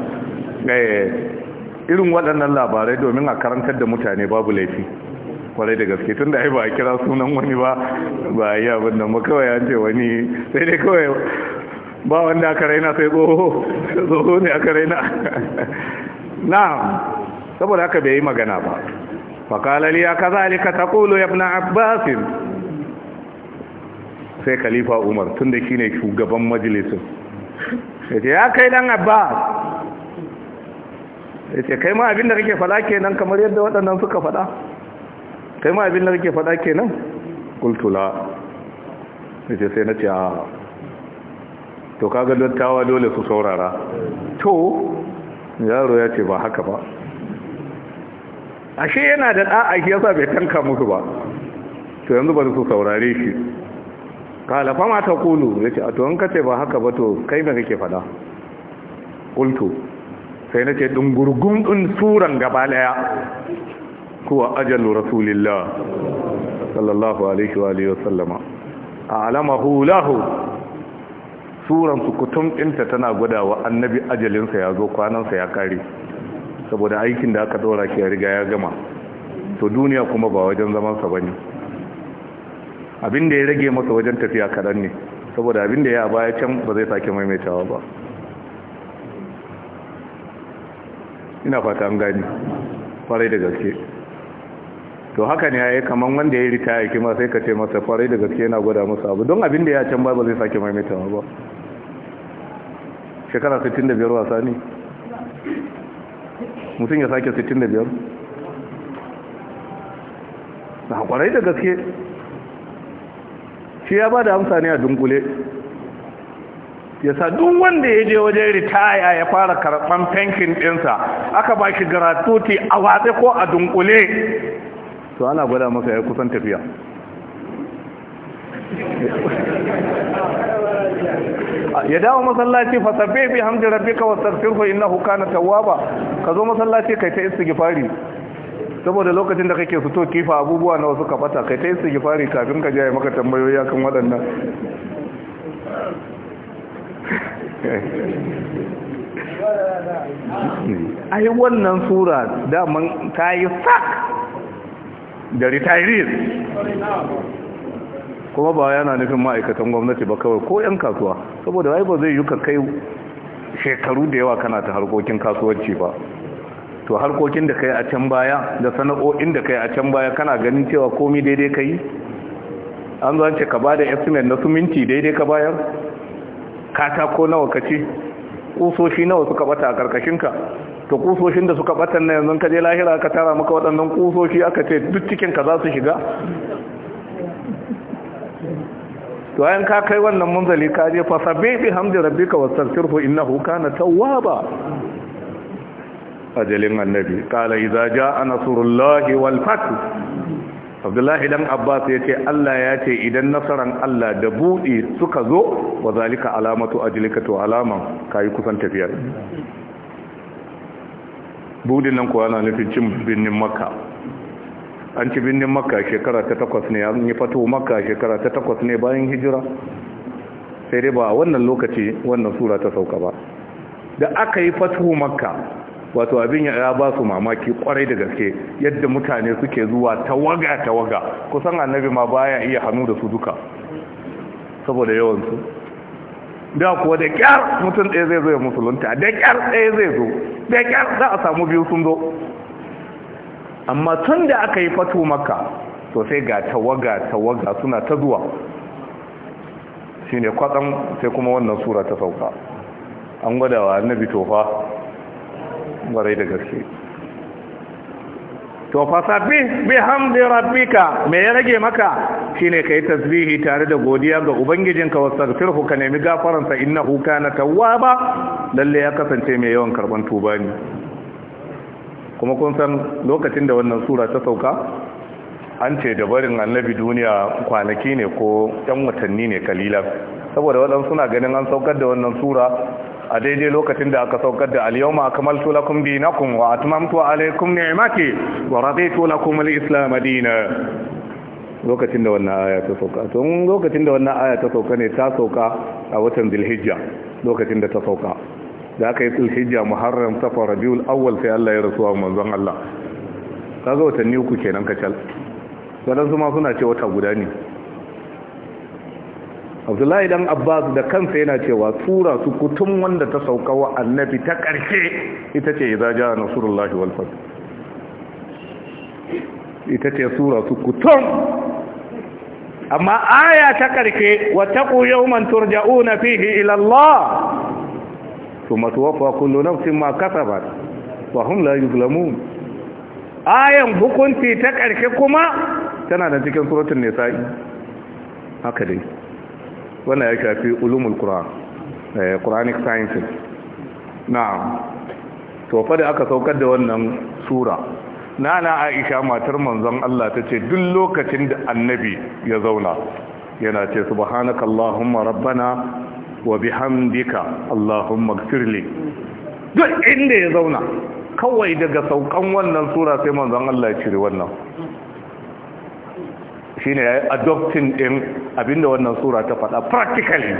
eh, irin waɗannan labarai domin a karantar da mutane babu laifi kwarai da gaske tun da ai ba a kira sunan wani ba ba a yi abin da ba kawai an ce wani sai dai kawai ba wanda aka raina sai tsoho tsoho ne aka raina na saboda haka bai yi magana ba fakalali ya kaza alika ta kolo ya na abbasin sai khalifa umar tun da shi ne shugaban majalisun ya ya kai dan abbas ya kai ma abinda kake fada kenan kamar yadda waɗannan suka fada kai ma abin da kake faɗa kenan kultula ce sai na ce a to kaga dattawa dole su saurara to yaro ya ce ba haka ba ashe yana da da'a ya sa bai tanka musu ba to yanzu ba su saurare shi kala fa ma Ya ce. a to an kace ba haka ba to kai me kake faɗa Kultu. sai na ce dungurgun din suran gaba daya huwa ajalu rasulillah sallallahu alaihi wa alihi wasallama a'lamahu lahu suran sukutum dinta tana gwada wa annabi ajalinsa ya zo kwanansa ya kare saboda aikin da aka dora shi ya riga ya gama to duniya kuma ba wajen zaman sa bane abin da ya rage masa wajen tafiya kadan ne saboda abin da ya baya can ba zai sake maimaitawa ba ina fata an gani Farai da gaske to haka ne yayi kaman wanda ya ritaya kima sai ka ce masa kwarai da gaske yana gwada masa abu don abin da ya can ba ba zai sake maimaitawa ba shekara 65 wasa ne mutum ya sake 65 na ah, kwarai da gaske shi ya ba da amsa ne a dunkule ya sa duk wanda ya je wajen ritaya ya fara karɓan fankin ɗinsa aka ba shi gratuity a watsi ko a dunkule to ana gwada masa ya kusan tafiya ya dawo masallaci fasabbe bi hamdi rabbika wastaghfirhu innahu kana tawwaba ka zo masallaci kai ta istighfari saboda lokacin da kake fito kifa abubuwa na wasu kafata kai ta istighfari kafin ka jaye maka tambayoyi akan waɗannan ai wannan sura daman ta yi sak da retirees kuma ba yana nufin ma'aikatan gwamnati ba kawai ko 'yan kasuwa saboda wai ba zai yi kai shekaru da yawa kana ta harkokin kasuwanci ba to harkokin da kai a can baya da sana'o'in da kai a can baya kana ganin cewa komi daidai kai an zo ce ka bada estimate na siminti daidai ka bayar katako nawa ka ci kusoshi nawa suka bata a karkashinka to kusoshin da suka batan na yanzu kaje lahira aka tara maka waɗannan kusoshi aka ce duk cikin ka za su shiga to ayan ka kai wannan munzali ka je fa sabbi bi hamdi rabbika wastaghfirhu innahu kana tawwaba ajalin annabi kala idza jaa nasrullahi wal fath abdullahi dan abbas yace Allah ya ce idan nasaran Allah da buɗe suka zo wa zalika alamatu ajlika to alaman kai kusan tafiyar budin nan kuwa na nufin cin birnin makka an ci birnin makka shekara ta takwas ne an yi fato makka shekara ta takwas ne bayan hijira sai dai ba a wannan lokaci wannan sura ta sauka ba da aka yi fato makka wato abin ya ba su mamaki kwarai da gaske yadda mutane suke zuwa tawaga tawaga kusan annabi ma baya iya hannu da su duka saboda yawansu da kuwa da kyar mutum ɗaya zai zo ya musulunta da kyar ɗaya zai zo da kyar za a samu biyu sun zo amma tun da aka yi fato maka to sai ga tawaga tawaga suna ta zuwa shine kwatsam sai kuma wannan sura ta sauka an gwada wa annabi tofa gwarai da gaske to fasabbih bihamdi rabbika me ya rage maka shine kai tasbihi tare da godiya ga ubangijinka wastaghfirhu ka nemi gafaran sa innahu kana tawwaba lalle ya kasance mai yawan karban tuba ne kuma kun san lokacin da wannan sura ta sauka an ce da barin annabi duniya kwanaki ne ko yan watanni ne kalila saboda waɗansu suna ganin an saukar da wannan sura a daidai lokacin da aka saukar da al-yawma akmaltu lakum dinakum wa atmamtu alaykum ni'mati wa raditu lakum al-islam dinan lokacin da wannan aya ta sauka to lokacin da wannan aya ta sauka ne ta sauka a watan Zulhijja lokacin da ta sauka da aka yi Zulhijja Muharram Safar Rabiul Awwal sai Allah ya rasuwa manzon Allah kaga watanni uku kenan kacal wadansu ma suna ce wata guda ne abdullahi dan abbas da kansa yana cewa tura su kutun wanda ta sauka wa annabi ta karshe. ita ce idza jaa nasrullahi wal fath ita ce sura su kutun amma aya ta wa taqu yawman turja'una fihi ila Allah thumma tuwaffa kullu nafsin ma kasabat wa hum la yuzlamun ayan hukunci ta karshe kuma tana da cikin suratul nisa'i haka dai wannan ya shafi ulumul qur'an eh quranic sciences na'am to fa da aka saukar da wannan sura nana aisha matar manzon Allah tace duk lokacin da annabi ya zauna yana ce subhanaka allahumma rabbana wa bihamdika allahumma ighfirli duk inda ya zauna kawai daga saukan wannan sura sai manzon Allah ya cire wannan shine ne adopting din ɗin abinda wannan sura ta faɗa practically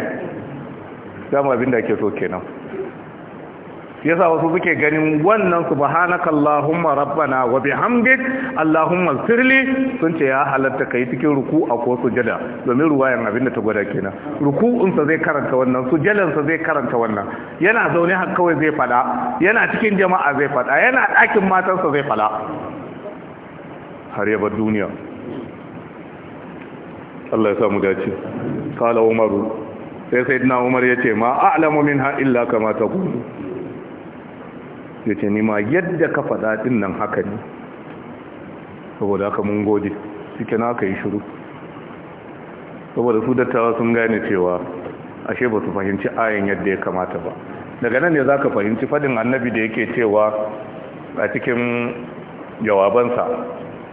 dama abinda ke so kenan yasa wasu suke ganin wannan su bahanaka allahumma rabbana wa bihamdik allahumma sirli sun ce ya halatta kai cikin a ko sujada domin ruwayan abinda ta gwada kenan ruku'un sa zai karanta wannan sujadan sa zai karanta wannan yana zaune har kawai zai fada yana cikin jama'a zai fada yana ɗakin sa zai fada har ya bar duniya Allah ya sa mu dace kala umaru sai sai na umar ya ce ma a'lamu minha illa kama taqulu yace ni ma yadda ka faɗa din nan haka ne saboda haka mun gode suke na aka yi shiru saboda su dattawa sun gane cewa ashe ba su fahimci ayin yadda ya kamata ba daga nan ne za ka fahimci fadin annabi da yake cewa a cikin jawabansa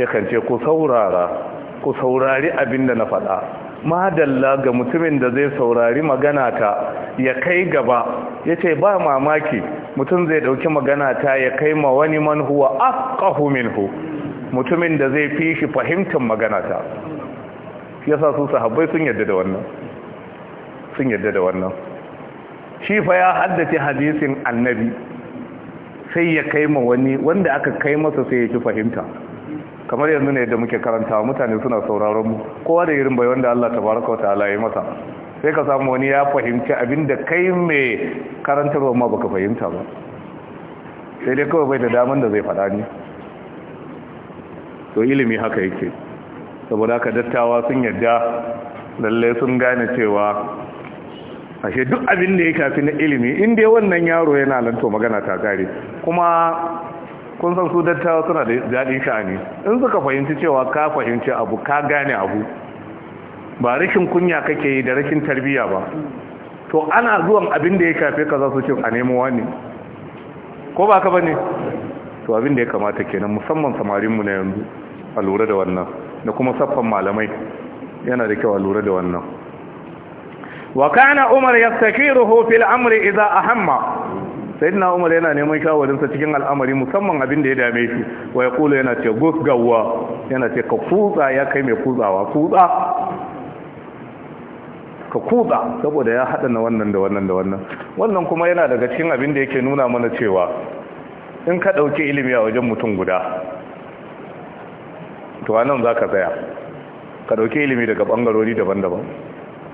kan ce ku saurara ku saurari abin da na faɗa madalla ga mutumin da zai saurari magana ta ya kai gaba ya ce ba mamaki mutum zai ɗauki magana ta ya kai ma wani manhuwa, huwa afqahu minhu mutumin da zai fi shi fahimtar magana ta sa su sahabbai sun yadda da wannan sun yadda da wannan shi fa ya haddace hadisin annabi sai ya kai ma wani wanda aka kai masa sai ya fi fahimta kamar yanzu ne da muke karanta mutane suna sauraron mu kowa da irin bai wanda Allah tabaraka wa ta'ala ya masa sai ka samu wani ya fahimci abinda kai mai karantarwa ma baka fahimta ba sai dai kawai bai da daman da zai faɗa ni to ilimi haka yake saboda ka dattawa sun yadda lalle sun gane cewa ashe duk abin da ya kafi na ilimi in dai wannan yaro yana lanto magana ta kare kuma kun san su dattawa suna da daɗin sha'ani in suka fahimci cewa ka fahimci abu ka gane abu ba rashin kunya kake yi da rashin tarbiyya ba to ana zuwan abin da ya shafe ka za su ce a nemo wani ko ba ka bane to abin da ya kamata kenan musamman samarinmu na yanzu a lura da wannan da kuma saffan malamai yana da kyau a lura da wannan wa kana umar yastakiruhu fil amri idza ahamma sayyidina umar yana neman shawarinsa cikin al'amari musamman abin da ya dame shi wa ya kula yana ce gusgawa yana ce ka kutsa ya kai mai kutsawa kutsa ka kutsa saboda ya haɗa na wannan da wannan da wannan wannan kuma yana daga cikin abin da yake nuna mana cewa in ka ɗauki ilimi a wajen mutum guda to a nan za ka tsaya ka ɗauki ilimi daga ɓangarori daban-daban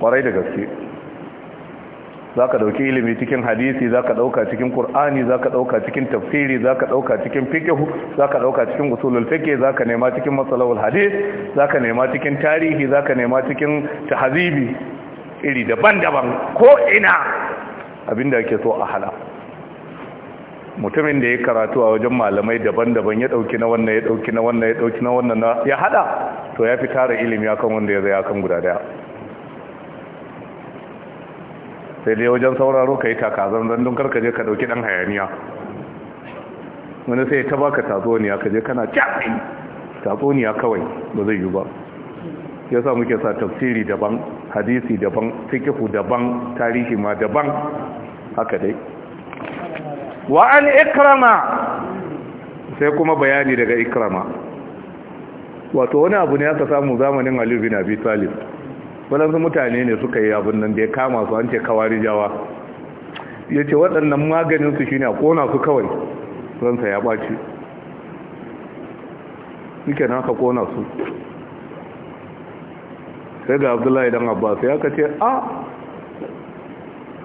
ƙwarai da gaske za ka ɗauki ilimi cikin hadisi za ka ɗauka cikin ƙur'ani za ka ɗauka cikin tafsiri za ka ɗauka cikin fikihu za ka ɗauka cikin usulul fiqh za ka nema cikin matsalawar hadis za ka nema cikin tarihi za ka nema cikin tahazibi iri daban-daban ko ina abinda ke so a hala mutumin da ya karatu a wajen malamai daban-daban ya ɗauki na wannan ya ɗauki na wannan ya dauki na wannan ya hada to ya fi tara ilimi akan wanda ya zai akan guda daya sai dai wajen sauraro ka yi takazan zandun karka je ka dauki dan hayaniya wani sai ta baka tatsuniya ka je kana caɓi tatsuniya kawai ba zai yi ba ya sa muke sa tafsiri daban hadisi daban fikihu daban tarihi ma daban haka dai wa an ikrama sai kuma bayani daga ikrama wato wani abu ne aka samu zamanin Ali bin Abi Talib waɗansu mutane ne suka yi abin nan da ya kama su an ce kawari jawa ya ce waɗannan maganinsu shi ne a ƙona su kawai ransa ya ɓaci suke na ka ƙona su sai ga abdullahi Abba su ya ka ce a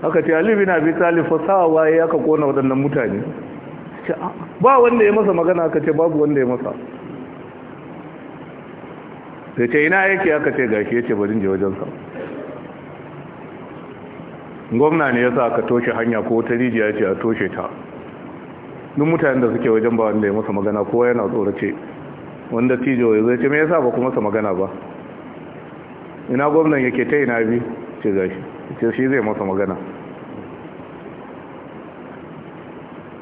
aka ce alibi na bi talifa sawa ya ka ƙona waɗannan mutane ba wanda ya masa magana aka ce babu wanda ya masa sai ce ina yake aka ce gashi yace barin je wajen sa gwamna ne yasa aka toshe hanya ko ta rijiya ce a toshe ta duk mutanen da suke wajen ba wanda ya masa magana ko yana tsorace wanda tijo ya zai ce me yasa ba kuma masa magana ba ina gwamnan yake ta ina bi ce gashi ce shi zai masa magana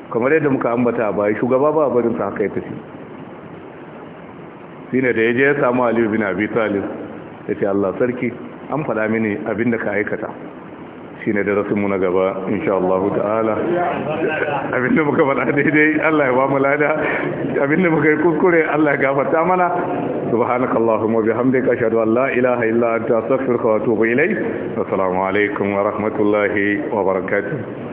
kamar yadda muka ambata ba shugaba ba barin sa haka ya tafi ne da ya ya samu aliyu bin Abi Talib ce Allah sarki an faɗa mini abin da ka aikata shine da rasu mu na gaba insha Allah ta'ala da muka fada daidai Allah ya ba mu lada da muka yi kuskure Allah ya gafarta mana subhanakallahumma bihamdika ashhadu an la ilaha illa anta astaghfiruka wa atubu ilayk alaikum wa rahmatullahi wa barakatuh